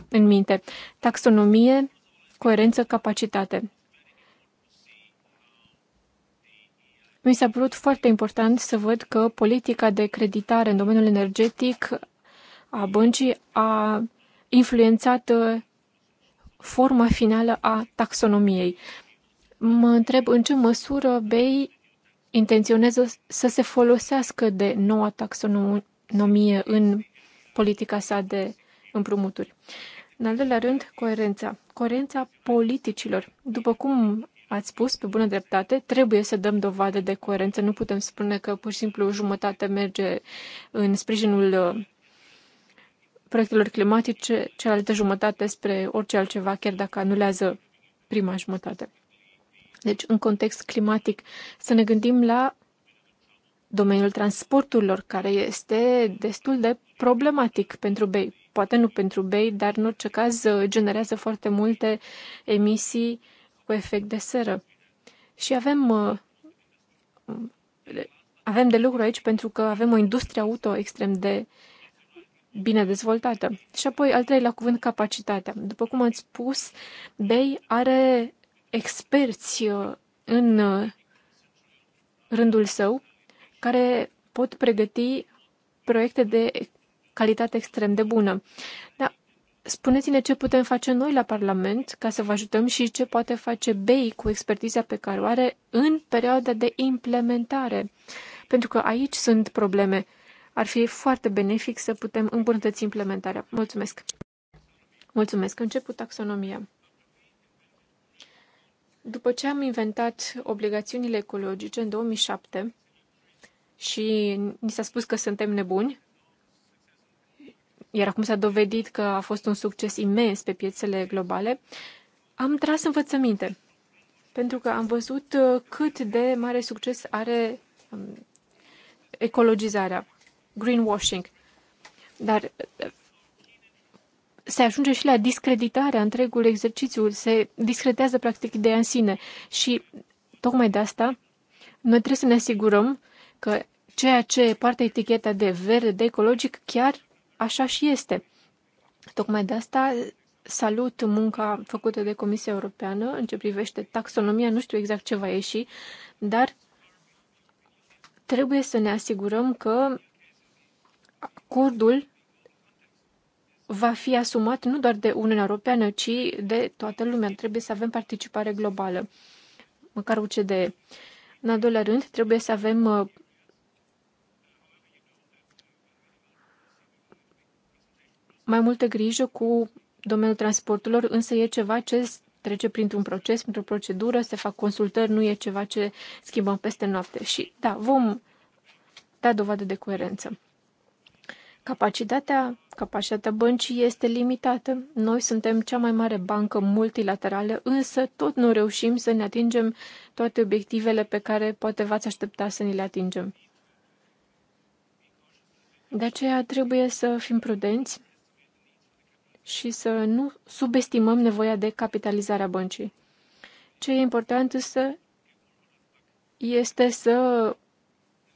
în minte. Taxonomie, coerență, capacitate. Mi s-a părut foarte important să văd că politica de creditare în domeniul energetic a băncii a influențat uh, forma finală a taxonomiei. Mă întreb în ce măsură BEI intenționează să se folosească de noua taxonomie în politica sa de împrumuturi. În al doilea rând, coerența. Coerența politicilor. După cum ați spus pe bună dreptate, trebuie să dăm dovadă de coerență. Nu putem spune că pur și simplu jumătate merge în sprijinul uh, proiectelor climatice, cealaltă jumătate spre orice altceva, chiar dacă anulează prima jumătate. Deci, în context climatic, să ne gândim la domeniul transporturilor, care este destul de problematic pentru bei. Poate nu pentru bei, dar în orice caz uh, generează foarte multe emisii uh, cu efect de seră. Și avem, uh, avem de lucru aici pentru că avem o industrie auto extrem de bine dezvoltată. Și apoi, al treilea cuvânt, capacitatea. După cum ați spus, Bay are experți uh, în uh, rândul său care pot pregăti proiecte de calitate extrem de bună spuneți-ne ce putem face noi la Parlament ca să vă ajutăm și ce poate face BEI cu expertiza pe care o are în perioada de implementare. Pentru că aici sunt probleme. Ar fi foarte benefic să putem îmbunătăți implementarea. Mulțumesc! Mulțumesc! Încep cu taxonomia. După ce am inventat obligațiunile ecologice în 2007 și ni s-a spus că suntem nebuni, iar acum s-a dovedit că a fost un succes imens pe piețele globale, am tras învățăminte. Pentru că am văzut uh, cât de mare succes are um, ecologizarea, greenwashing. Dar uh, se ajunge și la discreditarea întregul exercițiu, se discredează practic ideea în sine. Și tocmai de asta noi trebuie să ne asigurăm că ceea ce parte eticheta de verde, de ecologic, chiar Așa și este. Tocmai de asta salut munca făcută de Comisia Europeană în ce privește taxonomia, nu știu exact ce va ieși, dar trebuie să ne asigurăm că curdul va fi asumat nu doar de Uniunea Europeană, ci de toată lumea. Trebuie să avem participare globală, măcar UCD. În al doilea rând, trebuie să avem uh, mai multă grijă cu domeniul transporturilor, însă e ceva ce trece printr-un proces, printr-o procedură, se fac consultări, nu e ceva ce schimbăm peste noapte. Și da, vom da dovadă de coerență. Capacitatea, capacitatea băncii este limitată. Noi suntem cea mai mare bancă multilaterală, însă tot nu reușim să ne atingem toate obiectivele pe care poate v-ați aștepta să ni le atingem. De aceea trebuie să fim prudenți și să nu subestimăm nevoia de capitalizare a băncii. Ce e important însă este să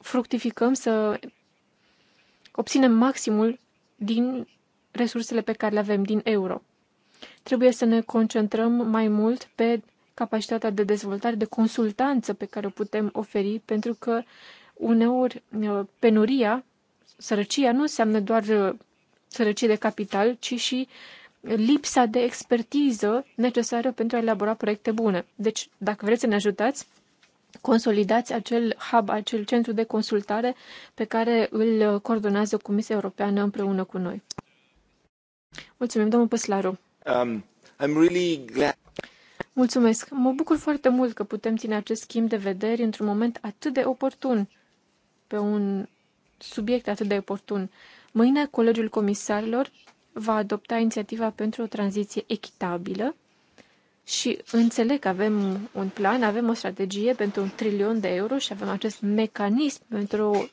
fructificăm, să obținem maximul din resursele pe care le avem din euro. Trebuie să ne concentrăm mai mult pe capacitatea de dezvoltare, de consultanță pe care o putem oferi, pentru că uneori uh, penuria, sărăcia nu înseamnă doar uh, sărăcie de capital, ci și lipsa de expertiză necesară pentru a elabora proiecte bune. Deci, dacă vreți să ne ajutați, consolidați acel hub, acel centru de consultare pe care îl coordonează Comisia Europeană împreună cu noi. Mulțumim, domnul Păslaru. Um, I'm really glad... Mulțumesc. Mă bucur foarte mult că putem ține acest schimb de vederi într-un moment atât de oportun, pe un subiect atât de oportun. Mâine, Colegiul Comisarilor va adopta inițiativa pentru o tranziție echitabilă și înțeleg că avem un plan, avem o strategie pentru un trilion de euro și avem acest mecanism pentru o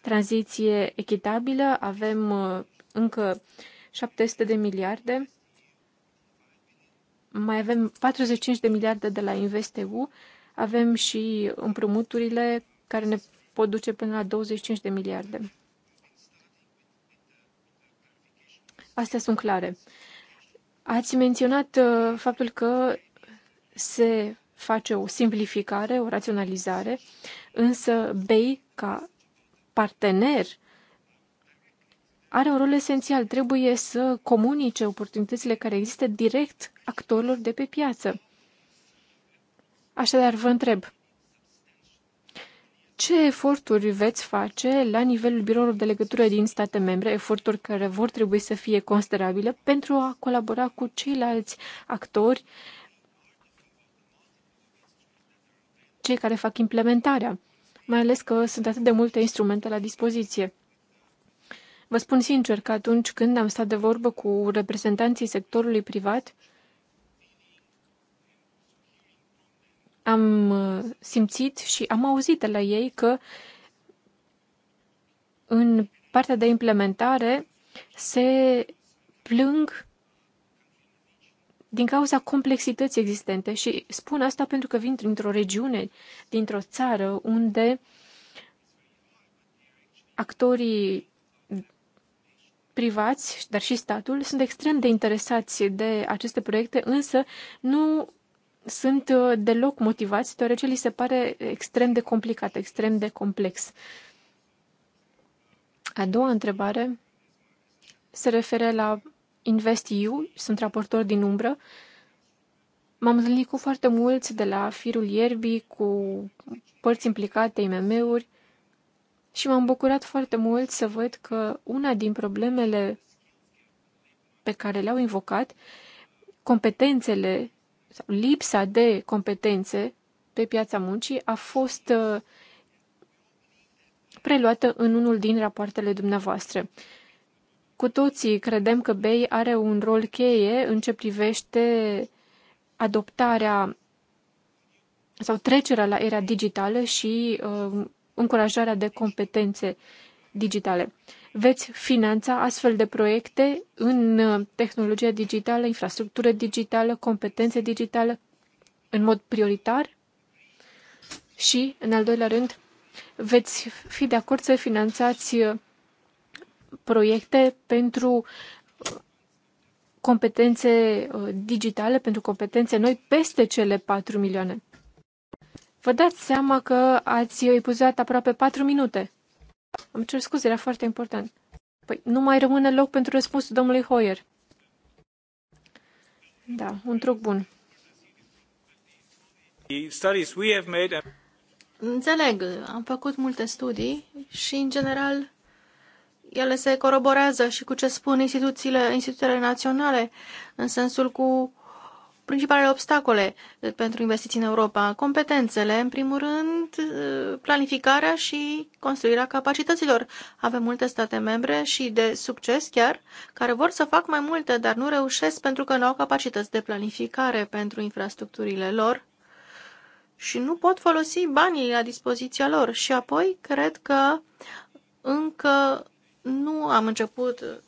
tranziție echitabilă, avem uh, încă 700 de miliarde, mai avem 45 de miliarde de la InvestEU, avem și împrumuturile care ne pot duce până la 25 de miliarde. Astea sunt clare. Ați menționat uh, faptul că se face o simplificare, o raționalizare, însă BEI, ca partener, are un rol esențial. Trebuie să comunice oportunitățile care există direct actorilor de pe piață. Așadar, vă întreb, ce eforturi veți face la nivelul birourilor de legătură din state membre, eforturi care vor trebui să fie considerabile pentru a colabora cu ceilalți actori, cei care fac implementarea, mai ales că sunt atât de multe instrumente la dispoziție. Vă spun sincer că atunci când am stat de vorbă cu reprezentanții sectorului privat, am uh, simțit și am auzit de la ei că în partea de implementare se plâng din cauza complexității existente și spun asta pentru că vin dintr-o regiune, dintr-o țară unde actorii privați, dar și statul, sunt extrem de interesați de aceste proiecte, însă nu sunt uh, deloc motivați, deoarece li se pare extrem de complicat, extrem de complex. A doua întrebare se referă la InvestEU, sunt raportor din umbră. M-am întâlnit cu foarte mulți de la firul ierbii, cu părți implicate, IMM-uri, și m-am bucurat foarte mult să văd că una din problemele pe care le-au invocat, competențele sau lipsa de competențe pe piața muncii a fost uh, preluată în unul din rapoartele dumneavoastră. Cu toții credem că BEI are un rol cheie în ce privește adoptarea sau trecerea la era digitală și uh, încurajarea de competențe digitale. Uh, veți finanța astfel de proiecte în uh, tehnologia digitală, infrastructură digitală, competențe digitale în mod prioritar? Și, în al doilea rând, veți fi de acord să finanțați uh, proiecte pentru uh, competențe digitale, pentru competențe noi, peste cele 4 milioane. Vă dați seama că ați epuizat aproape 4 minute. Am cer scuze, era foarte important. Păi nu mai rămâne loc pentru răspunsul domnului Hoyer. Da, un truc bun. Înțeleg, am făcut multe studii și, în general, ele se coroborează și cu ce spun instituțiile, instituțiile naționale, în sensul cu principalele obstacole eh, pentru investiții în Europa? Competențele, în primul rând, eh, planificarea și construirea capacităților. Avem multe state membre și de succes chiar, care vor să fac mai multe, dar nu reușesc pentru că nu au capacități de planificare pentru infrastructurile lor și nu pot folosi banii la dispoziția lor. Și apoi, cred că încă nu am început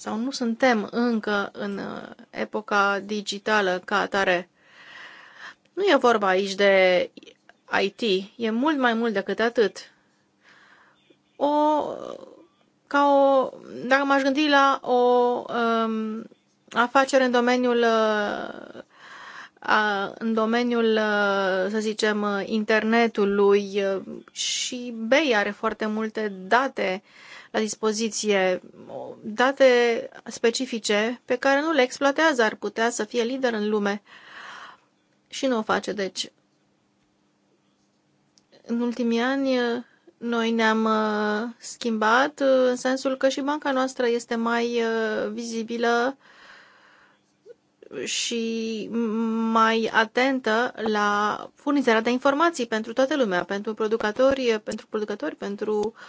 sau nu suntem încă în uh, epoca digitală ca atare. Nu e vorba aici de IT, e mult mai mult decât atât. O, ca o, dacă m-aș gândi la o um, afacere în domeniul uh, în domeniul, uh, să zicem, uh, internetului și BEI are foarte multe date la dispoziție date specifice pe care nu le exploatează, ar putea să fie lider în lume și nu o face. Deci, în ultimii ani, noi ne-am uh, schimbat uh, în sensul că și banca noastră este mai uh, vizibilă și mai atentă la furnizarea de informații pentru toată lumea, pentru producători, pentru producători, pentru uh,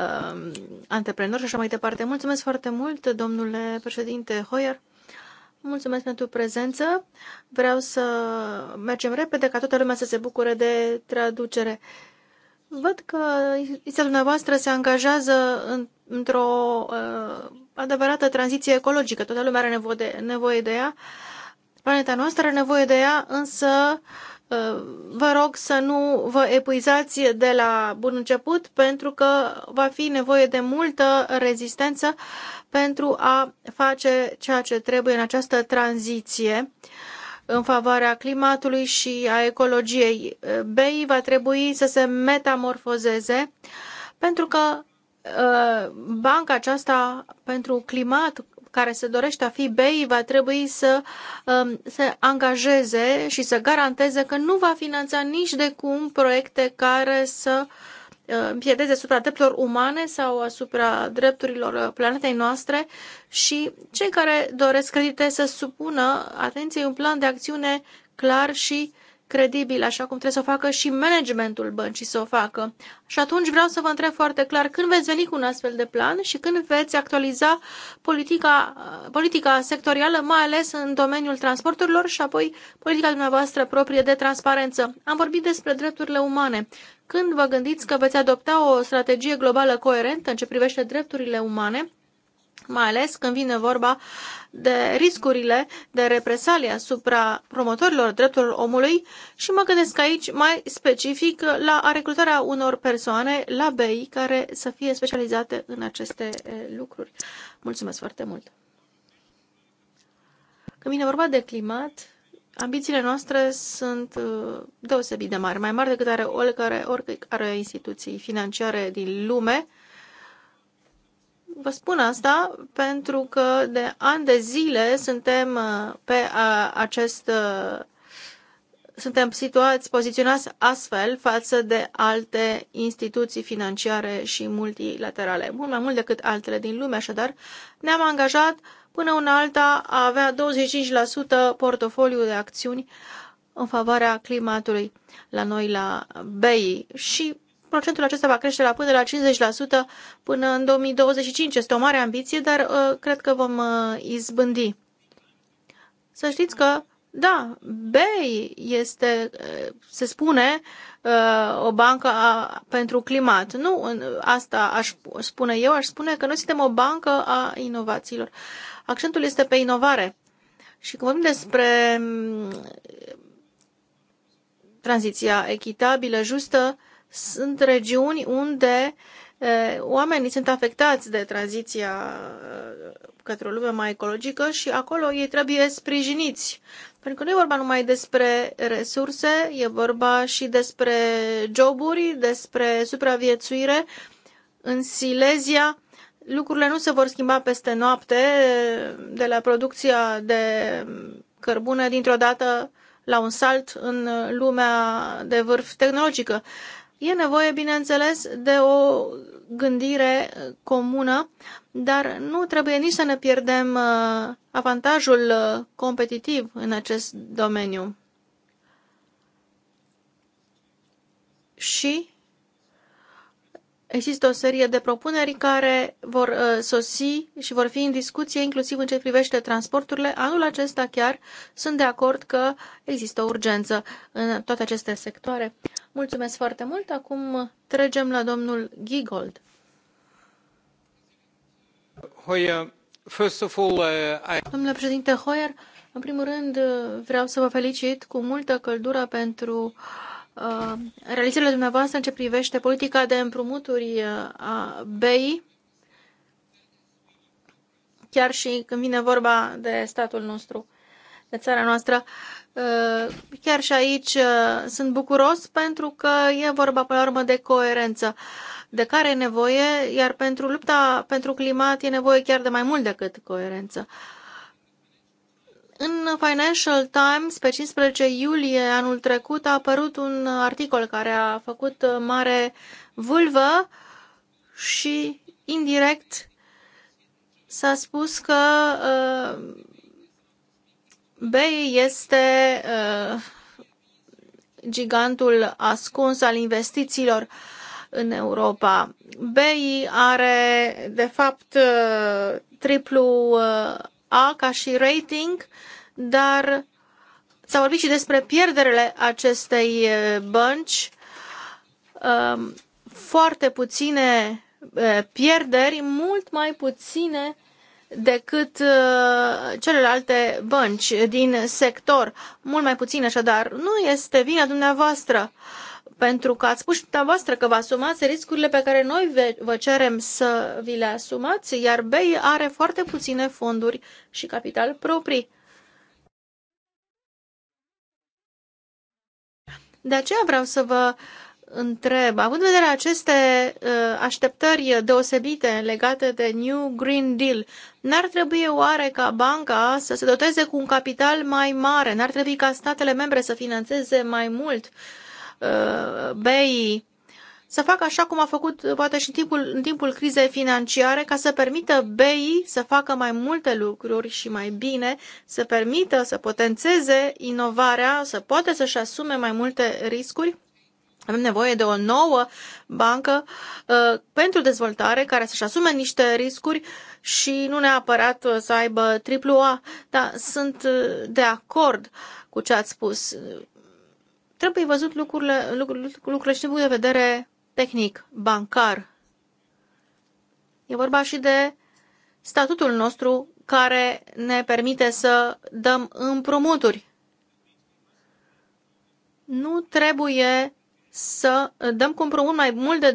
uh, antreprenori și așa mai departe. Mulțumesc foarte mult, domnule președinte Hoyer. Mulțumesc pentru prezență. Vreau să mergem repede ca toată lumea să se bucure de traducere. Văd că instituția dumneavoastră se angajează în, într-o uh, adevărată tranziție ecologică. Toată lumea are nevoie de, nevoie de ea. Planeta noastră are nevoie de ea, însă uh, vă rog să nu vă epuizați de la bun început pentru că va fi nevoie de multă rezistență pentru a face ceea ce trebuie în această tranziție în favoarea climatului și a ecologiei. BEI va trebui să se metamorfozeze pentru că uh, banca aceasta pentru climat care se dorește a fi BEI va trebui să um, se angajeze și să garanteze că nu va finanța nici de cum proiecte care să uh, împiedeze asupra drepturilor umane sau asupra drepturilor planetei noastre și cei care doresc credite să supună atenției un plan de acțiune clar și credibil, așa cum trebuie să o facă și managementul băncii să o facă. Și atunci vreau să vă întreb foarte clar când veți veni cu un astfel de plan și când veți actualiza politica, politica sectorială, mai ales în domeniul transporturilor și apoi politica dumneavoastră proprie de transparență. Am vorbit despre drepturile umane. Când vă gândiți că veți adopta o strategie globală coerentă în ce privește drepturile umane, mai ales când vine vorba de riscurile de represalie asupra promotorilor drepturilor omului și mă gândesc aici mai specific la recrutarea unor persoane la BEI care să fie specializate în aceste lucruri. Mulțumesc foarte mult! Când vine vorba de climat, ambițiile noastre sunt deosebit de mari, mai mari decât are oricare, oricare instituții financiare din lume, Vă spun asta pentru că de ani de zile suntem uh, pe uh, acest uh, suntem situați, poziționați astfel față de alte instituții financiare și multilaterale, mult mai mult decât altele din lume, așadar ne-am angajat până una alta a avea 25% portofoliu de acțiuni în favoarea climatului la noi la BEI și procentul acesta va crește la până la 50% până în 2025. Este o mare ambiție, dar uh, cred că vom uh, izbândi. Să știți că, da, BEI este, uh, se spune, uh, o bancă a, pentru climat. Nu asta aș spune eu, aș spune că noi suntem o bancă a inovațiilor. Accentul este pe inovare. Și când vorbim despre mm, tranziția echitabilă, justă, sunt regiuni unde oamenii sunt afectați de tranziția către o lume mai ecologică și acolo ei trebuie sprijiniți. Pentru că nu e vorba numai despre resurse, e vorba și despre joburi, despre supraviețuire. În Silesia lucrurile nu se vor schimba peste noapte de la producția de cărbune dintr-o dată la un salt în lumea de vârf tehnologică. E nevoie, bineînțeles, de o gândire comună, dar nu trebuie nici să ne pierdem uh, avantajul uh, competitiv în acest domeniu. Și există o serie de propuneri care vor uh, sosi și vor fi în discuție, inclusiv în ce privește transporturile. Anul acesta chiar sunt de acord că există o urgență în toate aceste sectoare. Mulțumesc foarte mult. Acum trecem la domnul Gigold. Hoyer, first of all, uh, I... Domnule președinte Hoyer, în primul rând uh, vreau să vă felicit cu multă căldură pentru uh, realizările dumneavoastră în ce privește politica de împrumuturi uh, a BEI, chiar și când vine vorba de statul nostru, de țara noastră. Uh, Uh, chiar și aici uh, sunt bucuros pentru că e vorba pe la urmă de coerență de care e nevoie, iar pentru lupta pentru climat e nevoie chiar de mai mult decât coerență. În Financial Times, pe 15 iulie anul trecut, a apărut un articol care a făcut uh, mare vulvă și indirect s-a spus că uh, BEI este uh, gigantul ascuns al investițiilor în Europa. BEI are, de fapt, uh, triplu uh, A ca și rating, dar s-a vorbit și despre pierderile acestei bănci. Um, foarte puține pierderi, mult mai puține decât uh, celelalte bănci din sector, mult mai puțin așadar. Nu este vina dumneavoastră pentru că ați spus dumneavoastră că vă asumați riscurile pe care noi vă cerem să vi le asumați, iar BEI are foarte puține fonduri și capital proprii. De aceea vreau să vă uh, întreb, având în vedere aceste uh, așteptări deosebite legate de New Green Deal, n-ar trebui oare ca banca să se doteze cu un capital mai mare? N-ar trebui ca statele membre să financeze mai mult uh, BEI? Să facă așa cum a făcut poate și în timpul, în timpul crizei financiare, ca să permită BEI să facă mai multe lucruri și mai bine, să permită să potențeze inovarea, să poată să-și asume mai multe riscuri? Avem nevoie de o nouă bancă uh, pentru dezvoltare care să-și asume niște riscuri și nu neapărat uh, să aibă a. Dar sunt uh, de acord cu ce ați spus. Trebuie văzut lucrurile, lucrurile, lucrurile și din punct de vedere tehnic, bancar. E vorba și de statutul nostru care ne permite să dăm împrumuturi. Nu trebuie să uh, dăm cu împrumut mai mult de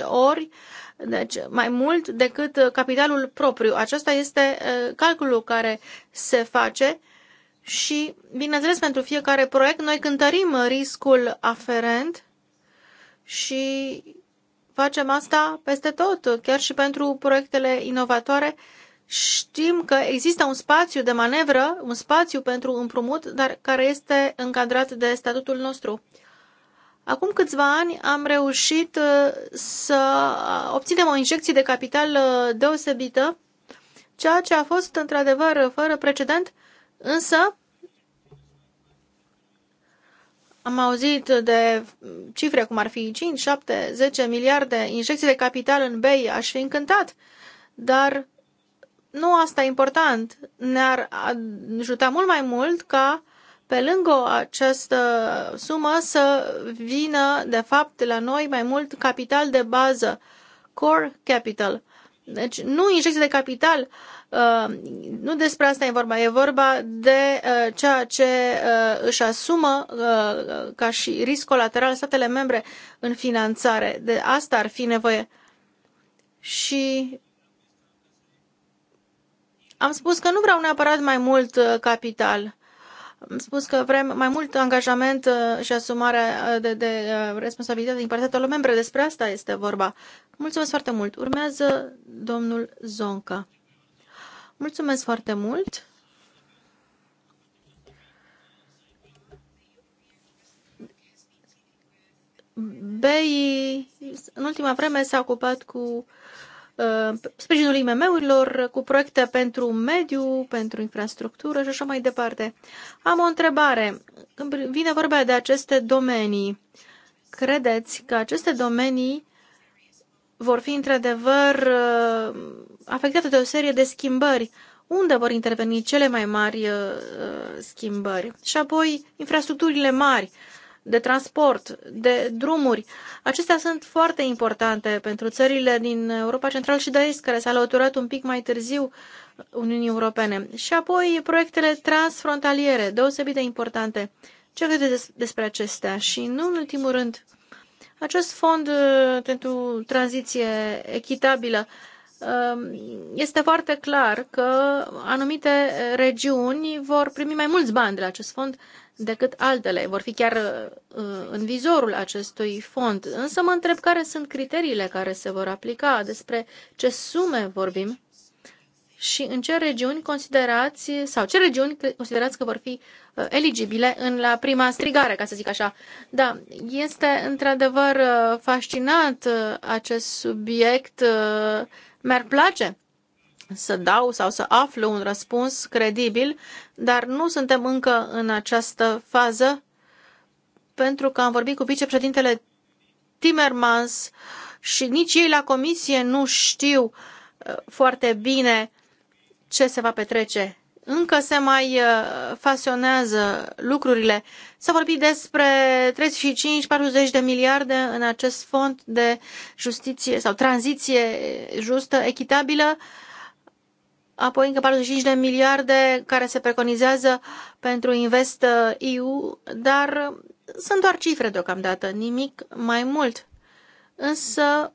2,5 ori, deci mai mult decât uh, capitalul propriu. Acesta este uh, calculul care se face și, bineînțeles, pentru fiecare proiect noi cântărim riscul aferent și facem asta peste tot, chiar și pentru proiectele inovatoare. Știm că există un spațiu de manevră, un spațiu pentru împrumut, dar care este încadrat de statutul nostru. Acum câțiva ani am reușit uh, să uh, obținem o injecție de capital uh, deosebită, ceea ce a fost într-adevăr fără precedent, însă am auzit de cifre cum ar fi 5, 7, 10 miliarde injecții de capital în BEI, aș fi încântat, dar nu asta e important. Ne-ar ajuta mult mai mult ca pe lângă această sumă să vină, de fapt, la noi mai mult capital de bază, core capital. Deci nu injecție de capital, uh, nu despre asta e vorba, e vorba de uh, ceea ce uh, își asumă ca și risc colateral statele membre în finanțare. De asta ar fi nevoie. Și am spus că nu vreau neapărat mai mult capital am spus că vrem mai mult angajament uh, și asumarea uh, de, de uh, responsabilitate din partea tuturor membre. Despre asta este vorba. Mulțumesc foarte mult. Urmează domnul Zonca. Mulțumesc foarte mult. BEI în ultima vreme s-a ocupat cu Uh, sprijinul IMM-urilor cu proiecte pentru mediu, pentru infrastructură și așa mai departe. Am o întrebare. Când vine vorba de aceste domenii, credeți că aceste domenii vor fi într-adevăr uh, afectate de o serie de schimbări? Unde vor interveni cele mai mari uh, schimbări? Și apoi, infrastructurile mari de transport, de drumuri. Acestea sunt foarte importante pentru țările din Europa Centrală și de Est, care s-au alăturat un pic mai târziu Uniunii Europene. Și apoi proiectele transfrontaliere, deosebit de importante. Ce credeți despre acestea? Și nu în ultimul rând, acest fond uh, pentru tranziție echitabilă, um, este foarte clar că anumite uh, regiuni vor primi mai mulți bani de la acest fond decât altele, vor fi chiar uh, în vizorul acestui fond. Însă mă întreb care sunt criteriile care se vor aplica, despre ce sume vorbim și în ce regiuni considerați sau ce regiuni considerați că vor fi uh, eligibile în la prima strigare, ca să zic așa. Da, este într-adevăr uh, fascinant acest subiect, mi-ar place să dau sau să aflu un răspuns credibil, dar nu suntem încă în această fază pentru că am vorbit cu vicepreședintele Timmermans și nici ei la comisie nu știu uh, foarte bine ce se va petrece. Încă se mai uh, fasionează lucrurile. S-a vorbit despre 35-40 de miliarde în acest fond de justiție sau tranziție justă, echitabilă apoi încă 45 de miliarde care se preconizează pentru Invest EU, dar sunt doar cifre deocamdată, nimic mai mult. Însă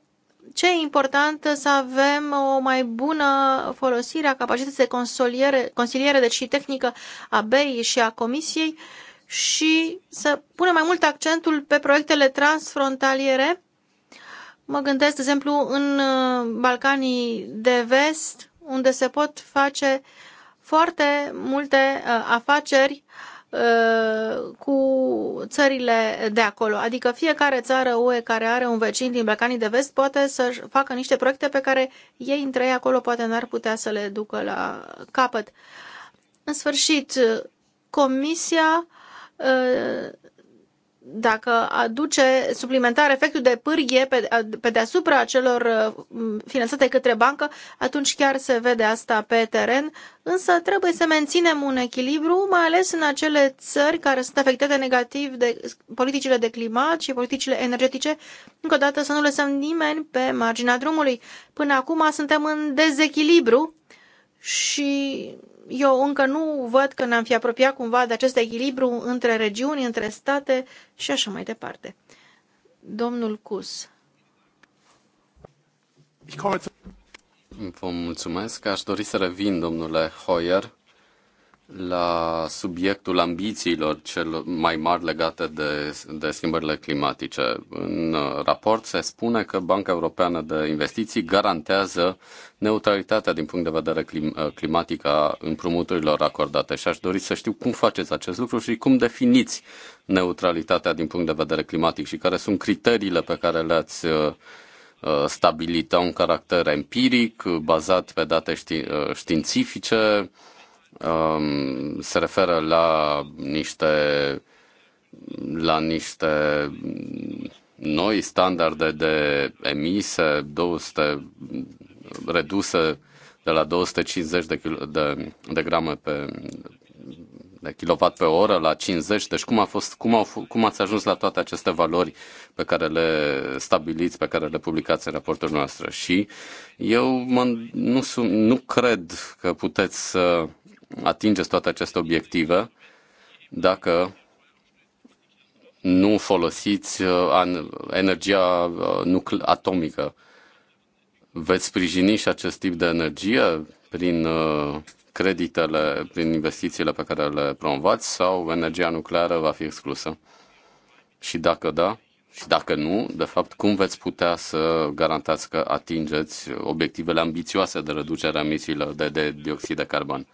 ce e important să avem o mai bună folosire a capacității de consiliere, consiliere, deci și tehnică a BEI și a Comisiei și să punem mai mult accentul pe proiectele transfrontaliere. Mă gândesc, de exemplu, în uh, Balcanii de Vest, unde se pot face foarte multe uh, afaceri uh, cu țările de acolo. Adică fiecare țară UE care are un vecin din Balcanii de Vest poate să facă niște proiecte pe care ei între ei acolo poate n-ar putea să le ducă la capăt. În sfârșit, Comisia uh, dacă aduce suplimentar efectul de pârghie pe, pe deasupra celor uh, finanțate către bancă, atunci chiar se vede asta pe teren, însă trebuie să menținem un echilibru, mai ales în acele țări care sunt afectate negativ de politicile de climat și politicile energetice, încă o dată să nu lăsăm nimeni pe marginea drumului. Până acum suntem în dezechilibru și eu încă nu văd că ne-am fi apropiat cumva de acest echilibru între regiuni, între state și așa mai departe. Domnul Cus. Vă mulțumesc. Aș dori să revin, domnule Hoyer, la subiectul ambițiilor cel mai mari legate de, de schimbările climatice. În uh, raport se spune că Banca Europeană de Investiții garantează neutralitatea din punct de vedere clim, uh, climatic a împrumuturilor acordate și aș dori să știu cum faceți acest lucru și cum definiți neutralitatea din punct de vedere climatic și care sunt criteriile pe care le-ați uh, stabilit. Au un caracter empiric, bazat pe date ști, științifice, Um, se referă la niște la niște noi standarde de emise 200 reduse de la 250 de, kilo, de, de grame pe de kilowatt pe oră la 50. Deci cum, a fost, cum, au, cum ați ajuns la toate aceste valori pe care le stabiliți, pe care le publicați în raportul noastră? Și eu mă, nu, sunt, nu cred că puteți să atingeți toate aceste obiective dacă nu folosiți uh, energia uh, atomică. Veți sprijini și acest tip de energie prin uh, creditele, prin investițiile pe care le promovați sau energia nucleară va fi exclusă? Și dacă da, și dacă nu, de fapt, cum veți putea să garantați că atingeți obiectivele ambițioase de reducere a emisiilor de, de dioxid de carbon?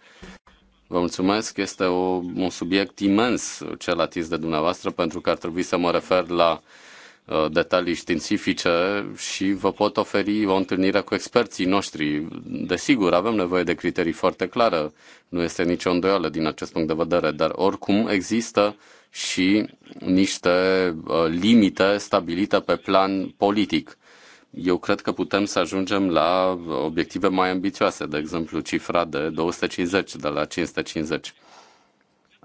Vă mulțumesc, este o, un subiect imens cel atins de dumneavoastră, pentru că ar trebui să mă refer la uh, detalii științifice și vă pot oferi o întâlnire cu experții noștri. Desigur, avem nevoie de criterii foarte clare, nu este nicio îndoială din acest punct de vedere, dar oricum există și niște uh, limite stabilite pe plan politic eu cred că putem să ajungem la obiective mai ambițioase, de exemplu cifra de 250 de la 550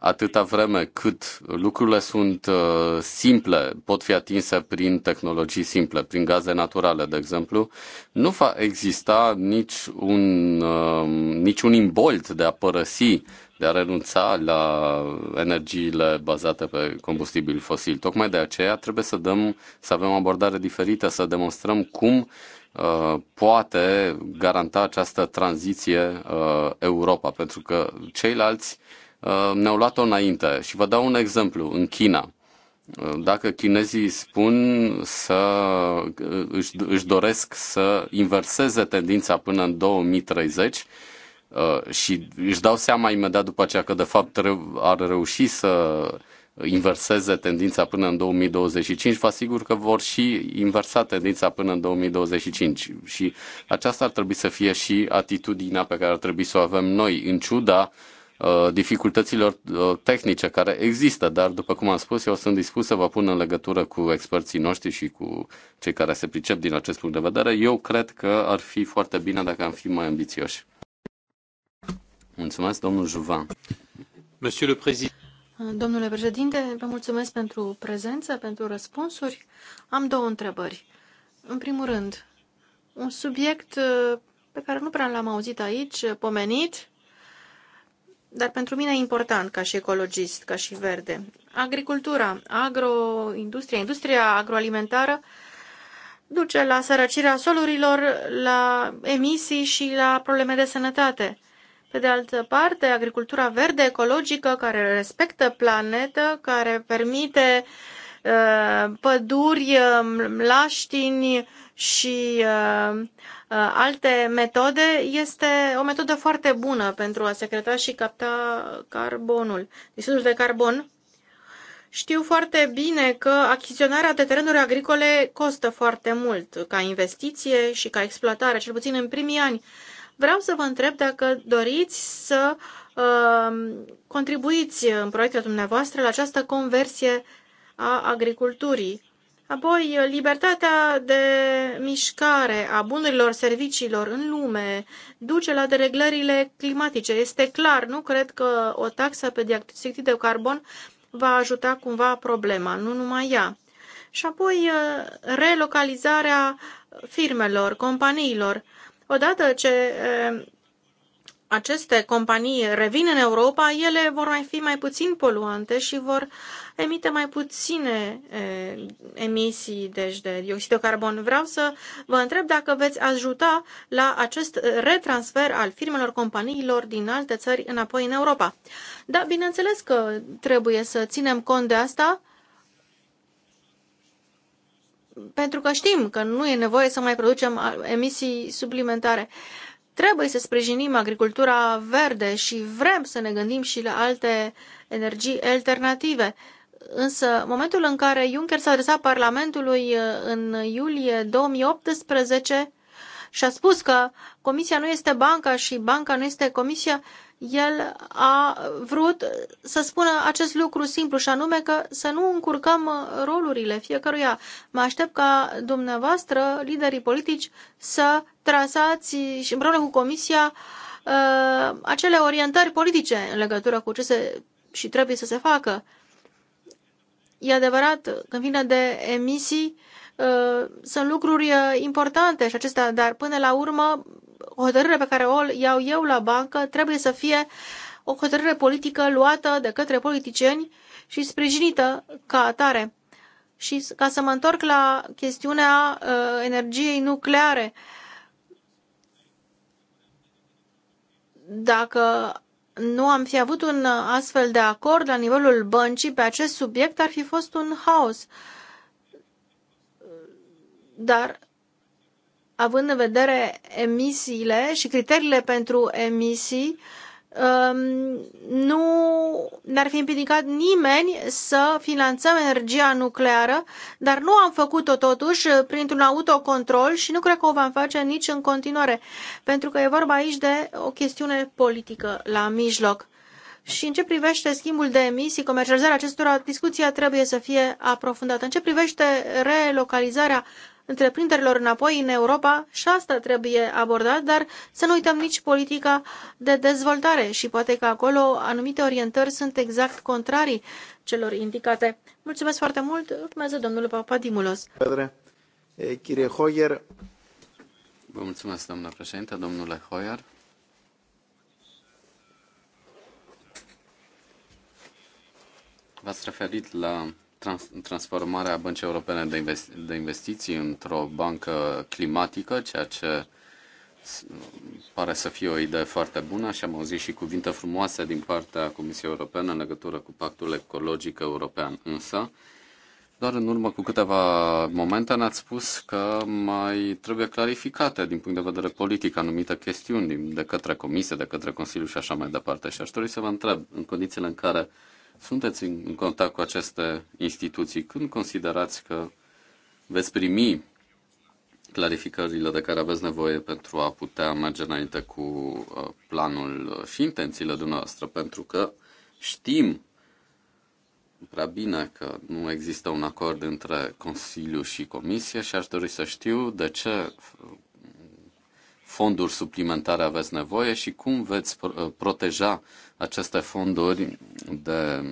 atâta vreme cât lucrurile sunt uh, simple, pot fi atinse prin tehnologii simple, prin gaze naturale, de exemplu, nu va exista nici un, uh, nici un imbolt de a părăsi, de a renunța la energiile bazate pe combustibil fosil. Tocmai de aceea trebuie să, dăm, să avem o abordare diferită, să demonstrăm cum uh, poate garanta această tranziție Europa, pentru că ceilalți Uh, ne-au luat-o înainte. Și vă dau un exemplu. În China, uh, dacă chinezii spun să uh, își, își doresc să inverseze tendința până în 2030 și își dau seama imediat după aceea că de fapt ar reuși să inverseze tendința până în 2025, vă asigur că vor și inversa tendința până în 2025. Și aceasta ar trebui să fie și atitudinea pe care ar trebui să o avem noi, în ciuda uh, Uh, dificultăților uh, tehnice care există, dar după cum am spus, eu sunt dispus să vă pun în legătură cu experții noștri și cu cei care se pricep din acest punct de vedere. Eu cred că ar fi foarte bine dacă am fi mai ambițioși. Mulțumesc, domnul Juvan. Monsieur le Président. Domnule președinte, vă mulțumesc pentru prezență, pentru răspunsuri. Am două întrebări. În primul rând, un subiect uh, pe care nu prea l-am auzit aici, pomenit, dar pentru mine e important ca și ecologist, ca și verde. Agricultura, agroindustria, industria agroalimentară duce la sărăcirea solurilor, la emisii și la probleme de sănătate. Pe de altă parte, agricultura verde ecologică care respectă planetă, care permite uh, Uh, păduri, um, laștini și uh, uh, alte metode, este o metodă foarte bună pentru a secreta și capta carbonul, dioxidul de carbon. Știu foarte bine că achiziționarea de terenuri agricole costă foarte mult ca investiție și ca exploatare, cel puțin în primii ani. Vreau să vă întreb dacă doriți să uh, contribuiți în proiectele dumneavoastră la această conversie a agriculturii. Apoi, libertatea de mișcare a bunurilor, serviciilor în lume duce la dereglările climatice. Este clar, nu cred că o taxă pe dioxid de carbon va ajuta cumva problema, nu numai ea. Și apoi, eh, relocalizarea firmelor, companiilor. Odată ce eh, aceste companii revin în Europa, ele vor mai fi mai puțin poluante și vor emite mai puține emisii deci, de dioxid de carbon. Vreau să vă întreb dacă veți ajuta la acest retransfer al firmelor, companiilor din alte țări înapoi în Europa. Da, bineînțeles că trebuie să ținem cont de asta, pentru că știm că nu e nevoie să mai producem emisii suplimentare. Trebuie să sprijinim agricultura verde și vrem să ne gândim și la alte energii alternative. Însă, momentul în care Juncker s-a adresat Parlamentului uh, în iulie 2018 și a spus că Comisia nu este banca și banca nu este Comisia, el a vrut să spună acest lucru simplu și anume că să nu încurcăm rolurile fiecăruia. Mă aștept ca dumneavoastră, liderii politici, să trasați și împreună cu Comisia uh, acele orientări politice în legătură cu ce se și trebuie să se facă. E adevărat, când vine de emisii, uh, sunt lucruri uh, importante și acestea, dar până la urmă, hotărârea pe care o iau eu la bancă trebuie să fie o hotărâre politică luată de către politicieni și sprijinită ca atare. Și ca să mă întorc la chestiunea uh, energiei nucleare, dacă nu am fi avut un uh, astfel de acord la nivelul băncii pe acest subiect, ar fi fost un haos. Dar având în vedere emisiile și criteriile pentru emisii, Ehm, nu ne-ar fi împiedicat nimeni să finanțăm energia nucleară, dar nu am făcut-o totuși printr-un autocontrol și nu cred că o vom face nici în continuare, pentru că e vorba aici de o chestiune politică la mijloc. Și în ce privește schimbul de emisii, comercializarea acestora, discuția trebuie să fie aprofundată. În ce privește relocalizarea întreprinderilor înapoi în Europa și asta trebuie abordat, dar să nu uităm nici politica de dezvoltare și poate că acolo anumite orientări sunt exact contrarii celor indicate. Mulțumesc foarte mult, urmează domnul Papadimulos. Chirie Hoyer. Vă mulțumesc, doamna președinte, domnule Hoyer. V-ați referit la trans- transformarea Băncii Europene de, investi- de Investiții într-o bancă climatică, ceea ce pare să fie o idee foarte bună și am auzit și cuvinte frumoase din partea Comisiei Europene în legătură cu Pactul Ecologic European. Însă, doar în urmă cu câteva momente ne-ați spus că mai trebuie clarificate din punct de vedere politic anumite chestiuni de către Comisie, de către Consiliu și așa mai departe. Și aș dori să vă întreb, în condițiile în care sunteți în contact cu aceste instituții? Când considerați că veți primi clarificările de care aveți nevoie pentru a putea merge înainte cu uh, planul și intențiile dumneavoastră? Pentru că știm prea bine că nu există un acord între Consiliu și Comisie și aș dori să știu de ce fonduri suplimentare aveți nevoie și cum veți uh, proteja aceste fonduri de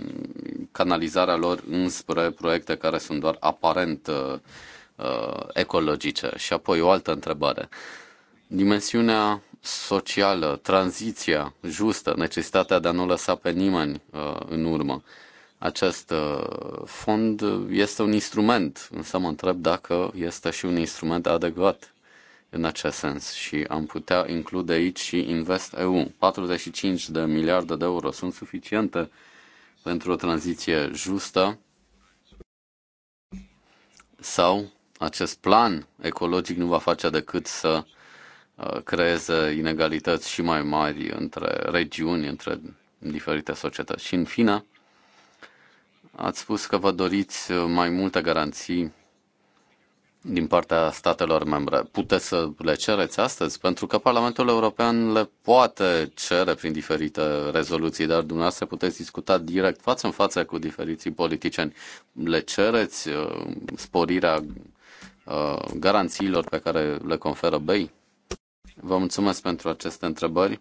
canalizarea lor înspre proiecte care sunt doar aparent uh, uh, ecologice. Și apoi o altă întrebare. Dimensiunea socială, tranziția justă, necesitatea de a nu lăsa pe nimeni uh, în urmă. Acest uh, fond este un instrument, însă mă întreb dacă este și un instrument adecvat în acest sens și am putea include aici și invest EU 45 de miliarde de euro sunt suficiente pentru o tranziție justă sau acest plan ecologic nu va face decât să uh, creeze inegalități și mai mari între regiuni, între diferite societăți. Și în fine, ați spus că vă doriți uh, mai multe garanții din partea statelor membre. Puteți să le cereți astăzi? Pentru că Parlamentul European le poate cere prin diferite rezoluții, dar dumneavoastră puteți discuta direct față în față cu diferiții politicieni. Le cereți uh, sporirea uh, garanțiilor pe care le conferă BEI? Vă mulțumesc pentru aceste întrebări.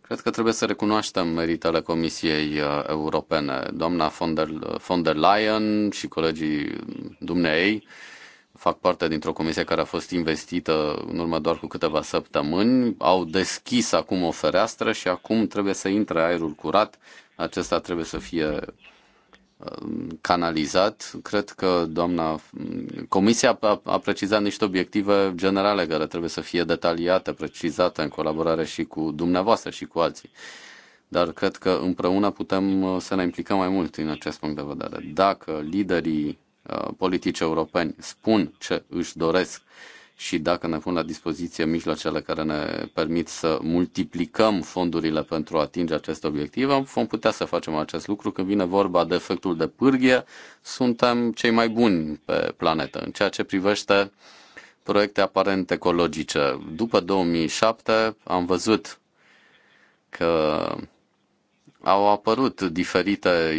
Cred că trebuie să recunoaștem meritele Comisiei uh, Europene. Doamna von der, von der Leyen și colegii dumneei fac parte dintr-o comisie care a fost investită în urmă doar cu câteva săptămâni, au deschis acum o fereastră și acum trebuie să intre aerul curat. Acesta trebuie să fie um, canalizat. Cred că doamna um, comisia a, a precizat niște obiective generale care trebuie să fie detaliate, precizate în colaborare și cu dumneavoastră și cu alții. Dar cred că împreună putem uh, să ne implicăm mai mult în acest punct de vedere. Dacă liderii Uh, politici europeni spun ce își doresc și dacă ne pun la dispoziție mijloacele care ne permit să multiplicăm fondurile pentru a atinge acest obiectiv, vom putea să facem acest lucru. Când vine vorba de efectul de pârghie, suntem cei mai buni pe planetă. În ceea ce privește proiecte aparent ecologice, după 2007 am văzut că au apărut diferite,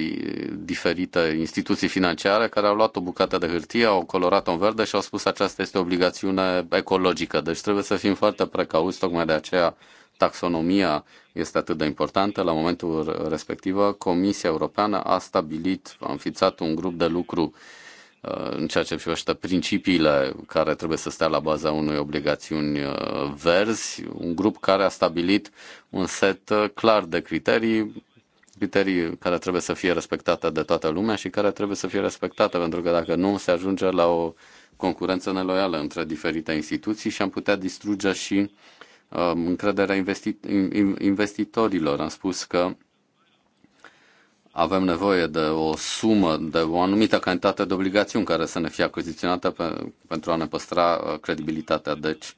diferite instituții financiare care au luat o bucată de hârtie, au colorat-o în verde și au spus aceasta este o obligațiune ecologică. Deci trebuie să fim foarte precauți, tocmai de aceea taxonomia este atât de importantă. La momentul respectiv. Comisia Europeană a stabilit, a înființat un grup de lucru uh, în ceea ce privește principiile care trebuie să stea la baza unei obligațiuni uh, verzi, un grup care a stabilit un set uh, clar de criterii criterii care trebuie să fie respectate de toată lumea și care trebuie să fie respectate, pentru că dacă nu, se ajunge la o concurență neloială între diferite instituții și am putea distruge și um, încrederea investi- investitorilor. Am spus că avem nevoie de o sumă, de o anumită cantitate de obligațiuni care să ne fie achiziționată pe, pentru a ne păstra uh, credibilitatea. Deci,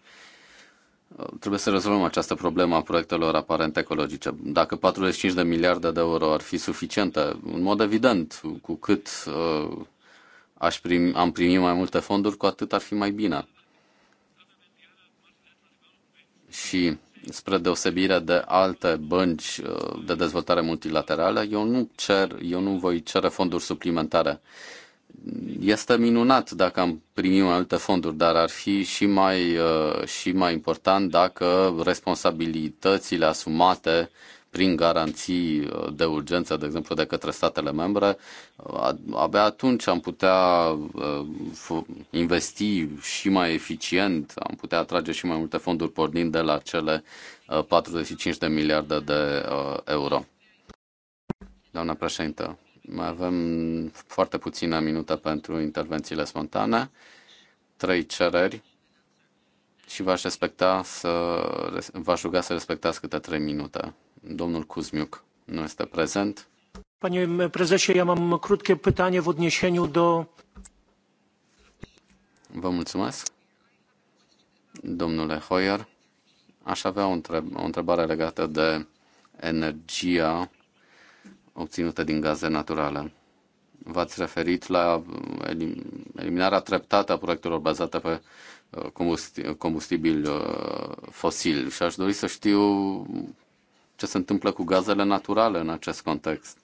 trebuie să rezolvăm această problemă a proiectelor aparent ecologice. Dacă 45 de miliarde de euro ar fi suficiente, în mod evident, cu cât uh, aș primi, am primit mai multe fonduri, cu atât ar fi mai bine. Și spre deosebire de alte bănci uh, de dezvoltare multilaterală, eu nu cer, eu nu voi cere fonduri suplimentare. Uh, este minunat dacă am primit mai multe fonduri, dar ar fi și mai, uh, și mai important dacă responsabilitățile asumate prin garanții uh, de urgență, de exemplu, de către statele membre, uh, abia atunci am putea investi și mai eficient, am putea atrage și mai multe fonduri pornind de la cele 45 de miliarde de euro. Doamna președintă, mai avem foarte puține minute pentru intervențiile spontane, trei cereri și v-aș, respecta să, v-aș ruga să respectați câte trei minute. Domnul Kuzmiuk nu este prezent. Panie prezesie, ja mam krótkie pytanie w odniesieniu do... Vă mulțumesc. Domnule Hoyer, aș avea o, întreb- o întrebare legată de energia Obținută din gaze naturale. V-ați referit la eliminarea treptată a proiectelor bazate pe uh, combustibil uh, fosil și aș dori să știu ce se întâmplă cu gazele naturale în acest context.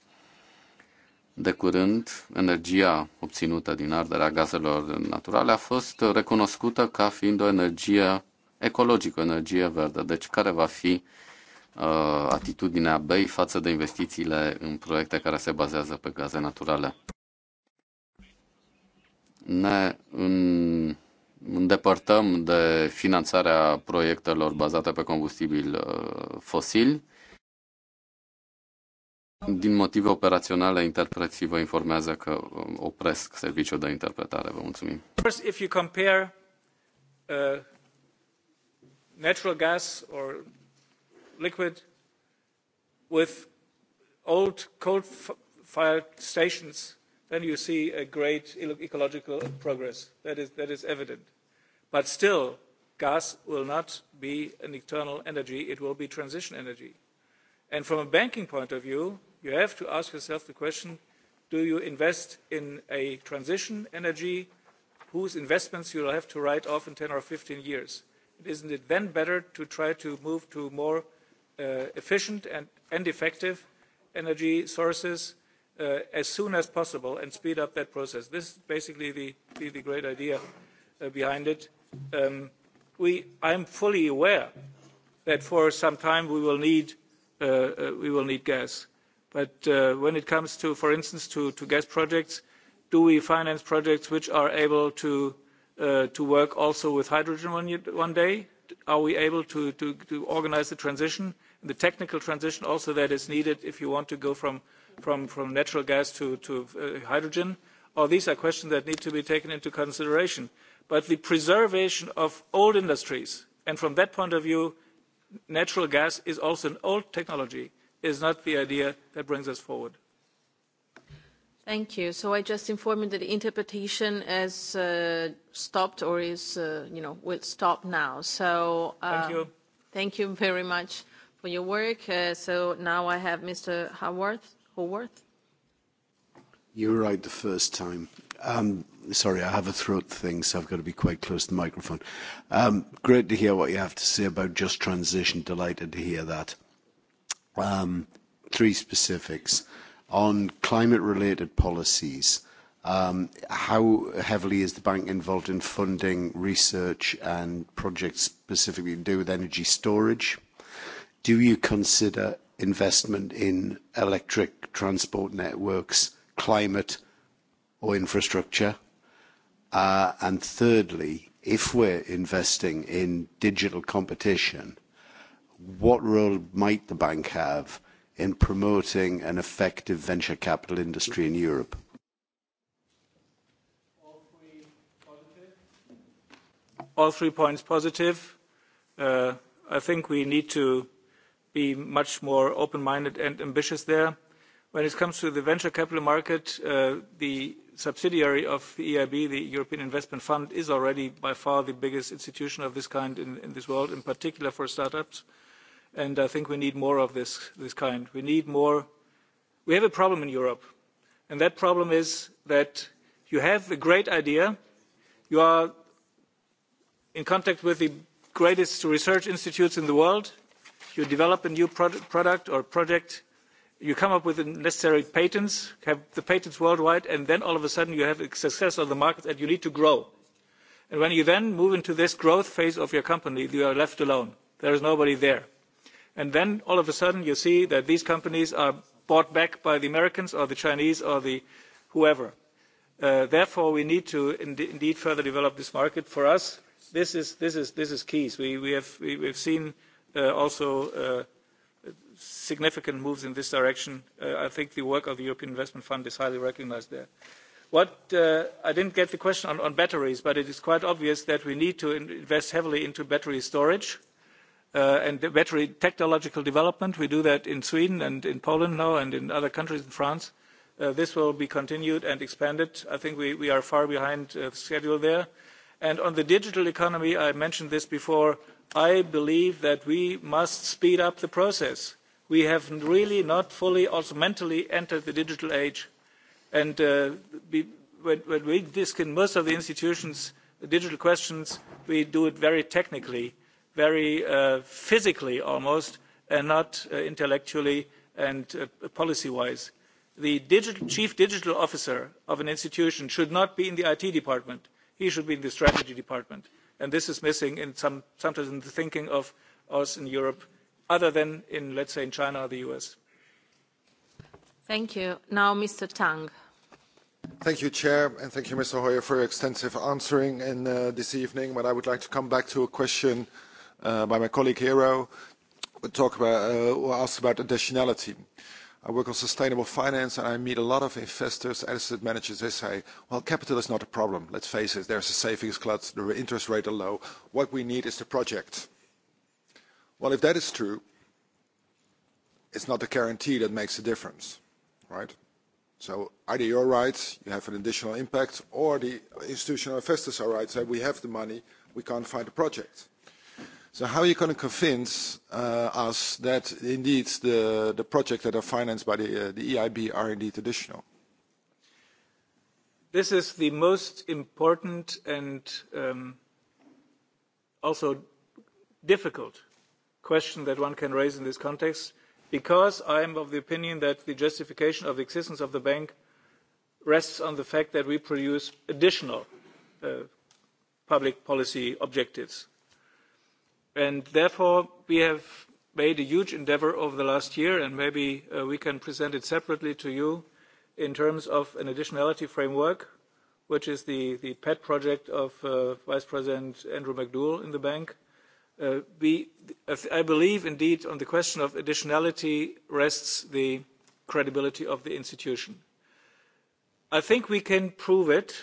De curând, energia obținută din arderea gazelor naturale a fost recunoscută ca fiind o energie ecologică, o energie verde. Deci, care va fi Uh, atitudinea BEI față de investițiile în proiecte care se bazează pe gaze naturale. Ne în îndepărtăm de finanțarea proiectelor bazate pe combustibil uh, fosil. Din motive operaționale, interpreții vă informează că um, opresc serviciul de interpretare. Vă mulțumim. if you compare uh, natural gas or liquid with old coal fired stations then you see a great ecological progress that is, that is evident but still gas will not be an eternal energy it will be transition energy and from a banking point of view you have to ask yourself the question do you invest in a transition energy whose investments you will have to write off in 10 or 15 years? Isn't it then better to try to move to more Uh, efficient and, and effective energy sources Uh, as soon as possible and speed up that process. This is basically the, the, the great idea uh, behind it. Um, we, I'm fully aware that for some time we will need, uh, uh we will need gas. But uh, when it comes to, for instance, to, to gas projects, do we finance projects which are able to, to work also with hydrogen one, one day? are we able to, organise the transition, the technical transition also that is needed if you want to go from, natural gas to, uh, hydrogen? All these are questions that need to be taken into consideration. But the preservation of old industries, and from that point of view, natural gas is also an old technology, is not the idea that brings us forward. Thank you. So I just inform you that the interpretation has uh, stopped or is, uh, you know, will stop now. So uh, thank um, you. Thank you very much for your work. Uh, so now I have Mr. Haworth. Haworth. You were right the first time. Um, sorry, I have a throat thing, so I've got to be quite close to the microphone. Um, great to hear what you have to say about just transition. Delighted to hear that. Um, three specifics on climate-related policies, um, how heavily is the bank involved in funding research and projects specifically to do with energy storage? Do you consider investment in electric transport networks, climate or infrastructure? Uh, and thirdly, if we're investing in digital competition, what role might the bank have in promoting an effective venture capital industry in Europe? All three positive. All three points positive. Uh, I think we need to be much more open-minded and ambitious there. When it comes to the venture capital market, uh, the subsidiary of the EIB, the European Investment Fund, is already by far the biggest institution of this kind in, this world, in particular for startups and I think we need more of this, this kind. We need more. We have a problem in Europe, and that problem is that you have a great idea, you are in contact with the greatest research institutes in the world, you develop a new product, product or project, you come up with the necessary patents, have the patents worldwide, and then all of a sudden you have a success on the market and you need to grow. And when you then move into this growth phase of your company, you are left alone. There is nobody there and then all of a sudden you see that these companies are bought back by the americans or the chinese or the whoever. Uh, therefore we need to indeed further develop this market. for us this is, this is, this is key. we, we have seen uh, also uh, significant moves in this direction. i think the work of the european investment fund is highly recognised there. What, i didn't get the question on, on batteries but it is quite obvious that we need to invest heavily into battery storage Uh, and the battery technological development. We do that in Sweden and in Poland now and in other countries in France. Uh, this will be continued and expanded. I think we, are far behind uh, schedule there. And on the digital economy, I mentioned this before, I believe that we must speed up the process. We have really not fully also mentally entered the digital age. And when, we discuss most of the institutions, digital questions, we do it very technically very uh, physically almost and not uh, intellectually and uh, policy wise. The digital, chief digital officer of an institution should not be in the IT department. He should be in the strategy department. And this is missing in some, sometimes in the thinking of us in Europe, other than in, let's say, in China or the US. Thank you. Now, Mr. Tang. Thank you, Chair, and thank you, Mr. Hoyer, for your extensive answering in, uh, this evening. But I would like to come back to a question uh, Uh, by my colleague Hero, talk about, uh, ask about additionality. I work on sustainable finance and I meet a lot of investors, asset managers. They say, well, capital is not a problem. Let's face it, there's a savings glut, the interest rate are low. What we need is the project. Well, if that is true, it's not the guarantee that makes a difference, right? So either you're right, you have an additional impact, or the institutional investors are right, say so we have the money, we can't find a project. So how are you going to convince uh, us that indeed the, the projects that are financed by the, uh, the EIB are indeed additional? This is the most important and um, also difficult question that one can raise in this context because I am of the opinion that the justification of the existence of the bank rests on the fact that we produce additional uh, public policy objectives And therefore, we have made a huge endeavor over the last year, and maybe uh, we can present it separately to you in terms of an additionality framework, which is the, the pet project of uh, Vice President Andrew McDougall in the bank. Uh, we, I believe, indeed, on the question of additionality rests the credibility of the institution. I think we can prove it,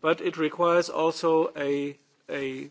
but it requires also a, a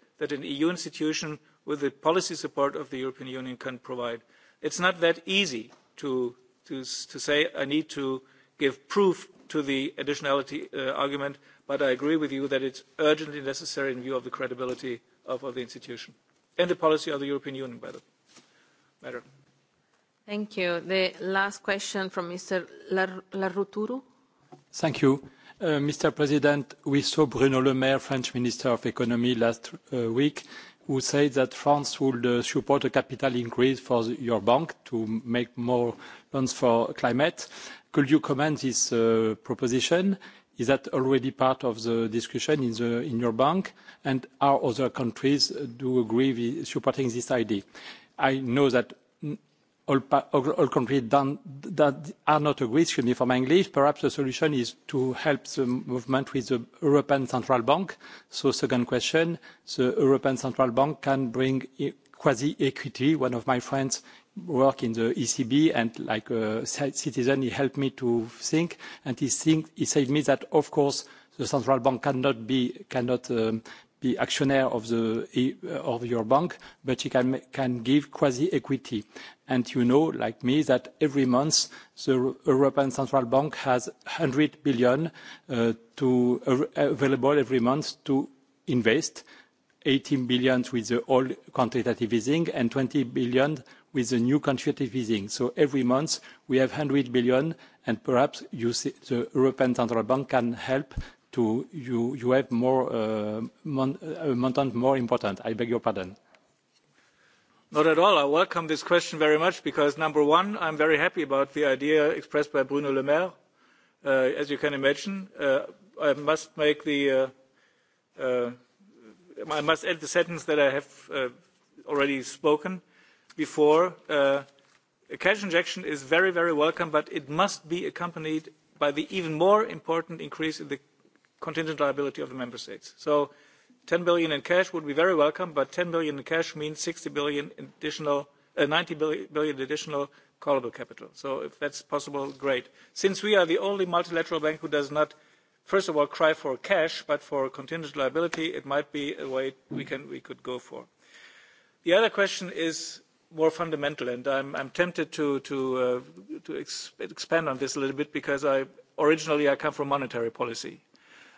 that an EU institution with the policy support of the European Union can provide. It's not that easy to, to, to say I need to give proof to the additionality uh, argument, but I agree with you that it's urgently necessary in view of the credibility of, of the institution and the policy of the European Union, by the matter. Thank you. The last question from Mr. Laruturu. Thank you. Uh, Mr. President, we saw Bruno Le Maire, French Minister of Economy, last uh, week, who said that France would uh, support a capital increase for the, your bank to make more loans for climate. Could you comment this uh, proposition? Is that already part of the discussion in, the, in your bank? And are other countries uh, do agree with supporting this idea? I know that all, all countries that are not agree, excuse me for my English, perhaps the solution is to help the movement with the European Central Bank. So second question, the European Central Bank can bring quasi-equity. One of my friends work in the ECB and like a citizen, he helped me to think and he, think, he said me that of course the central bank cannot um, be actionnaire of, the, of your bank, but you can, can give quasi-equity. And you know, like me, that every month, the European Central Bank has 100 billion uh, to, uh, available every month to invest, 18 billion with the old quantitative easing and 20 billion with the new quantitative easing. So every month, we have 100 billion, and perhaps you see the European Central Bank can help to you, you have more uh, mon uh, more important. I beg your pardon. Not at all. I welcome this question very much because number one, I'm very happy about the idea expressed by Bruno Le Maire. Uh, as you can imagine, uh, I must make the uh, uh, I must end the sentence that I have uh, already spoken before. Uh, cash injection is very, very welcome, but it must be accompanied by the even more important increase in the contingent liability of the member states. so eur ten billion in cash would be very welcome but eur ten billion in cash means billion additional eur uh, ninety billion additional callable capital. so if that's possible great. since we are the only multilateral bank who does not first of all cry for cash but for contingent liability it might be a way we, could go for. the other question is more fundamental and i'm, tempted to, uh, expand on this a little bit because originally i come from monetary policy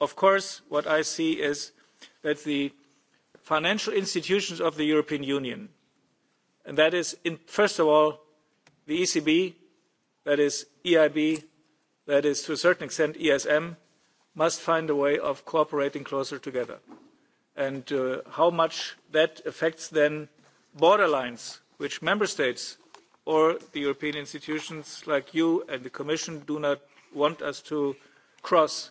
of course what i see is that the financial institutions of the european union and that is first of all the ecb that is eib that is to a certain extent esm must find a way of cooperating closer together and uh, how much that affects then borderlines which member states or the european institutions like you and the commission do not want us to cross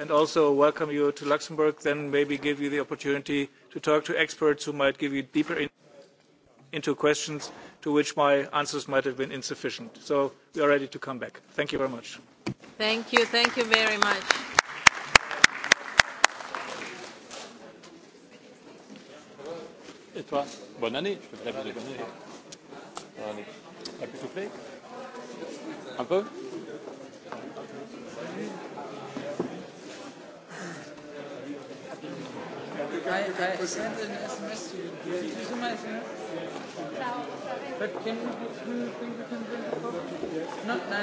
and also welcome you to Luxembourg, then maybe give you the opportunity to talk to experts who might give you deeper in into questions to which my answers might have been insufficient. So we are ready to come back. Thank you very much. Thank you. Thank you very much. Et toi, bonne année. Je te bonne année. Bonne année. Un peu I, I sent an SMS to you. Did you see my SMS? But can we, do you think we can drink a coffee? Not,